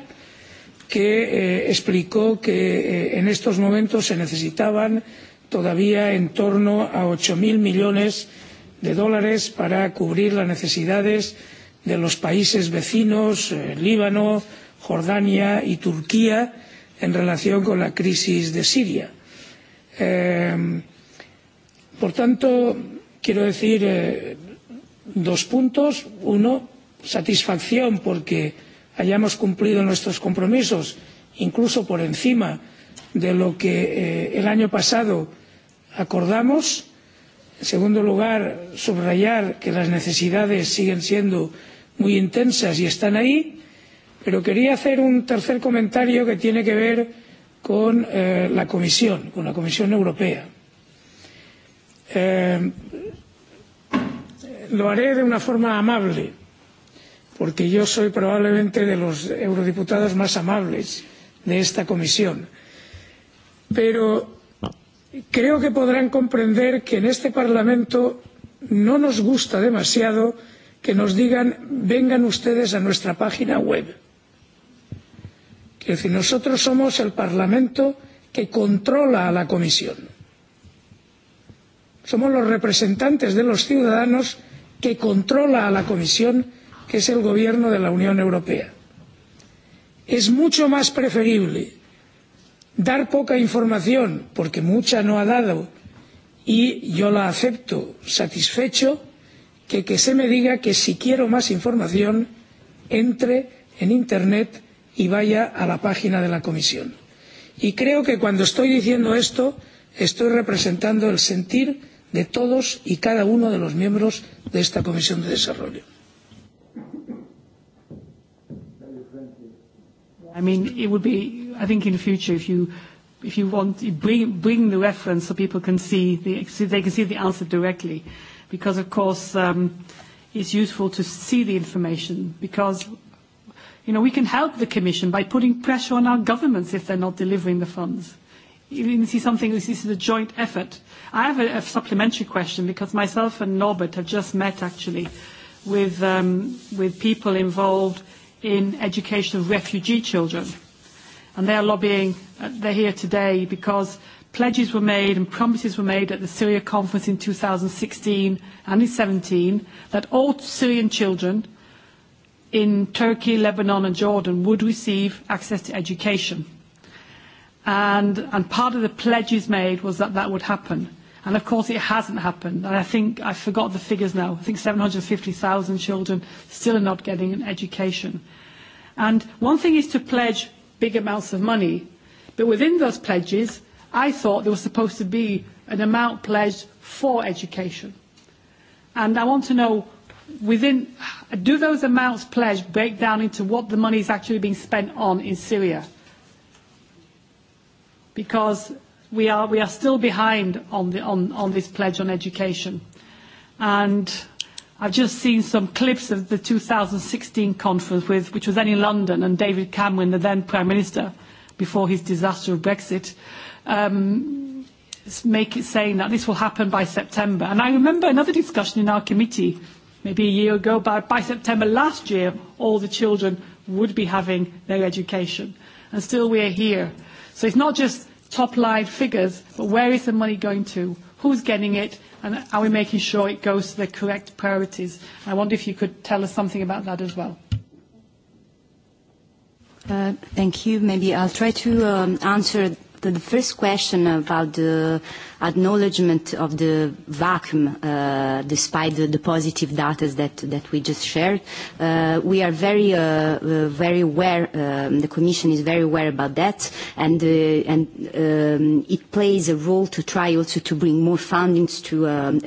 que eh, explicó que eh, en estos momentos se necesitaban todavía en torno a 8.000 millones de dólares para cubrir las necesidades de los países vecinos, eh, Líbano, Jordania y Turquía, en relación con la crisis de Siria. Eh, por tanto, quiero decir eh, dos puntos. Uno, satisfacción porque eh, hayamos cumplido nuestros compromisos incluso por encima de lo que eh, el año pasado acordamos. En segundo lugar, subrayar que las necesidades siguen siendo muy intensas y están ahí. Pero quería hacer un tercer comentario que tiene que ver con eh, la Comisión, con la Comisión Europea. Eh, lo haré de una forma amable porque yo soy probablemente de los eurodiputados más amables de esta comisión. Pero creo que podrán comprender que en este Parlamento no nos gusta demasiado que nos digan vengan ustedes a nuestra página web. Quiero decir, nosotros somos el Parlamento que controla a la Comisión. Somos los representantes de los ciudadanos que controla a la Comisión que es el gobierno de la Unión Europea. Es mucho más preferible dar poca información, porque mucha no ha dado, y yo la acepto satisfecho, que que se me diga que si quiero más información, entre en Internet y vaya a la página de la Comisión. Y creo que cuando estoy diciendo esto, estoy representando el sentir de todos y cada uno de los miembros de esta Comisión de Desarrollo. I mean, it would be, I think, in future, if you, if you want, you bring bring the reference so people can see the, so they can see the answer directly, because of course, um, it's useful to see the information because. You know, we can help the Commission by putting pressure on our governments if they're not delivering the funds. You can see something, this is a joint effort. I have a, a supplementary question because myself and Norbert have just met actually with, um, with people involved in education of refugee children. And they are lobbying, uh, they're here today because pledges were made and promises were made at the Syria conference in 2016 and in 17 that all Syrian children in Turkey, Lebanon and Jordan would receive access to education. And, and part of the pledges made was that that would happen and of course it hasn't happened and I think I forgot the figures now I think 750,000 children still are not getting an education and one thing is to pledge big amounts of money but within those pledges I thought there was supposed to be an amount pledged for education and I want to know within do those amounts pledged break down into what the money is actually being spent on in Syria because we are still behind on this pledge on education. And I've just seen some clips of the 2016 conference, with, which was then in London, and David Cameron, the then Prime Minister, before his disaster of Brexit, um, make it saying that this will happen by September. And I remember another discussion in our committee maybe a year ago, but by September last year, all the children would be having their education. And still we are here. So it's not just top line figures, but where is the money going to? Who's getting it? And are we making sure it goes to the correct priorities? I wonder if you could tell us something about that as well. Uh, thank you. Maybe I'll try to um, answer the, the first question about the uh, acknowledgement of the vacuum, uh, despite the positive data that we just shared. Uh, we are very uh, aware, um, the commission is very aware about that, and um, it plays a role to try also to bring more fundings to um,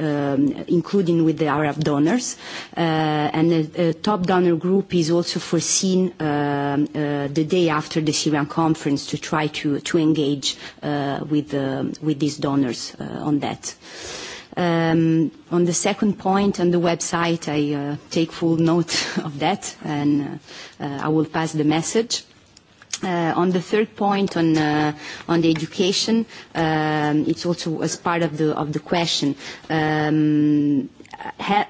including with the Arab donors. The top donor group is also foreseen the day after the Syrian conference to try to engage with these donors uh, on that. Um, on the second point, on the website, I uh, take full note of that, and uh, uh, I will pass the message. Uh, on the third point, on uh, on the education, um, it's also as part of the of the question. Um,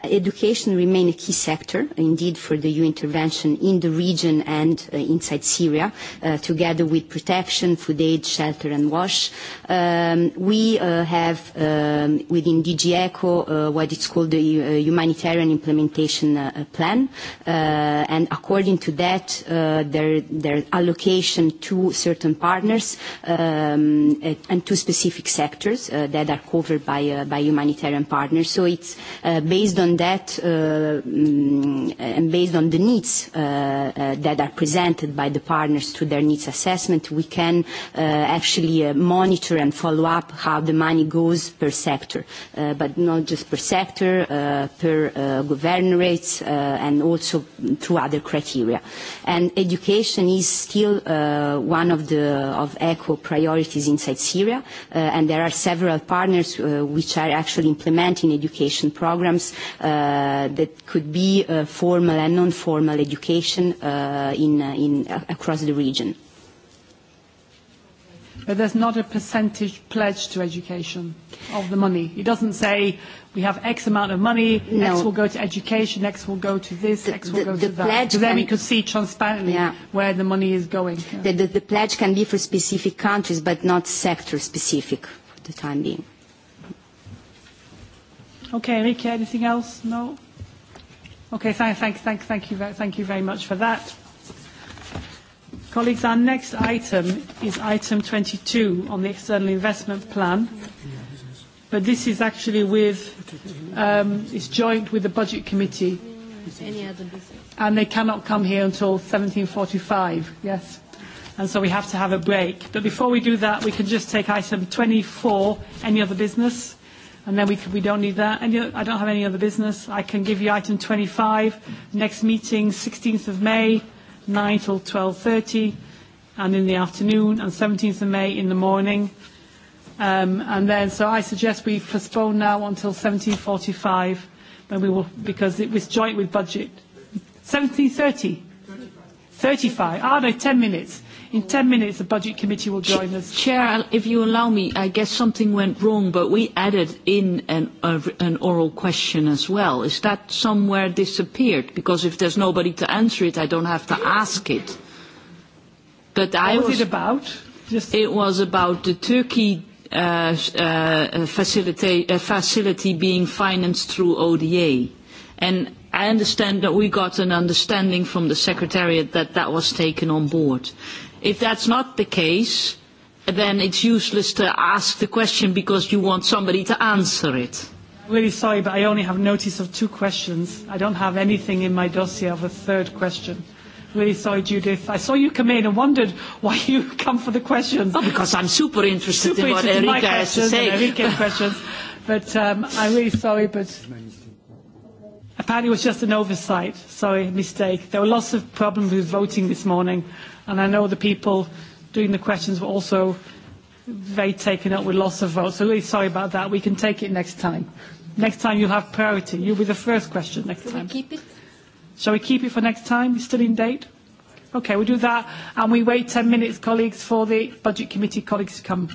education remain a key sector, indeed, for the EU intervention in the region and uh, inside Syria, uh, together with protection, food aid, shelter and wash. Um, we uh, have, um, within DG ECHO, uh, what is called the uh, humanitarian implementation uh, uh plan. Uh, and according to that, uh, their, their allocation to certain partners um, and to specific sectors uh, that are covered by, uh, by humanitarian partners. So it's uh, based on that uh, mm, and based on the needs uh, uh, that are presented by the partners through their needs assessment, we can uh, actually uh, monitor and follow up how the money goes per sector, uh, but not just per sector, uh, per uh, governorates, uh, and also through other criteria. And education is still uh, one of the of ECHO priorities inside Syria, uh, and there are several partners uh, which are actually implementing education programs programs uh, that could be uh, formal and non-formal education uh, in, uh, in, uh, across the region. But there's not a percentage pledge to education of the money. It doesn't say we have X amount of money, no. X will go to education, X will go to this, the, X will the, go the to pledge that. So then we could see transparently yeah. where the money is going. The, the, the pledge can be for specific countries, but not sector specific for the time being. Okay, Enrique, anything else? No. Okay, thanks, thanks, thank, thank you, thank you very much for that. Colleagues, our next item is item 22 on the external investment plan. But this is actually with, um, it's joint with the budget committee. And they cannot come here until 17.45, yes. And so we have to have a break. But before we do that, we can just take item 24, any other business? and then we can, we don't need that. And you know, I don't have any other business. I can give you item 25. Next meeting, 16th of May, 9 till 12:30, and in the afternoon, and 17th of May in the morning. Um, and then, so I suggest we postpone now until 17:45, when we will, because it was joint with budget. 17:30. 35. Ah, oh, no, 10 minutes. In 10 minutes, the Budget Committee will join Ch- us. Chair, if you allow me, I guess something went wrong, but we added in an, uh, an oral question as well. Is that somewhere disappeared? Because if there's nobody to answer it, I don't have to ask it. But what I was, was it about? Just... It was about the Turkey uh, uh, facilita- uh, facility being financed through ODA. And I understand that we got an understanding from the Secretariat that that was taken on board. If that's not the case, then it's useless to ask the question because you want somebody to answer it. I'm really sorry, but I only have notice of two questions. I don't have anything in my dossier of a third question. Really sorry, Judith. I saw you come in and wondered why you come for the questions. Oh, because I'm super interested super in what interested Erika in has to say. Erika's questions. But um, I'm really sorry, but apparently it was just an oversight. Sorry, mistake. There were lots of problems with voting this morning and I know the people doing the questions were also very taken up with loss of votes. So really sorry about that. We can take it next time. Next time you'll have priority. You'll be the first question next Shall time. We keep it? Shall we keep it for next time? Still in date? Okay, we'll do that. And we wait 10 minutes, colleagues, for the Budget Committee colleagues to come.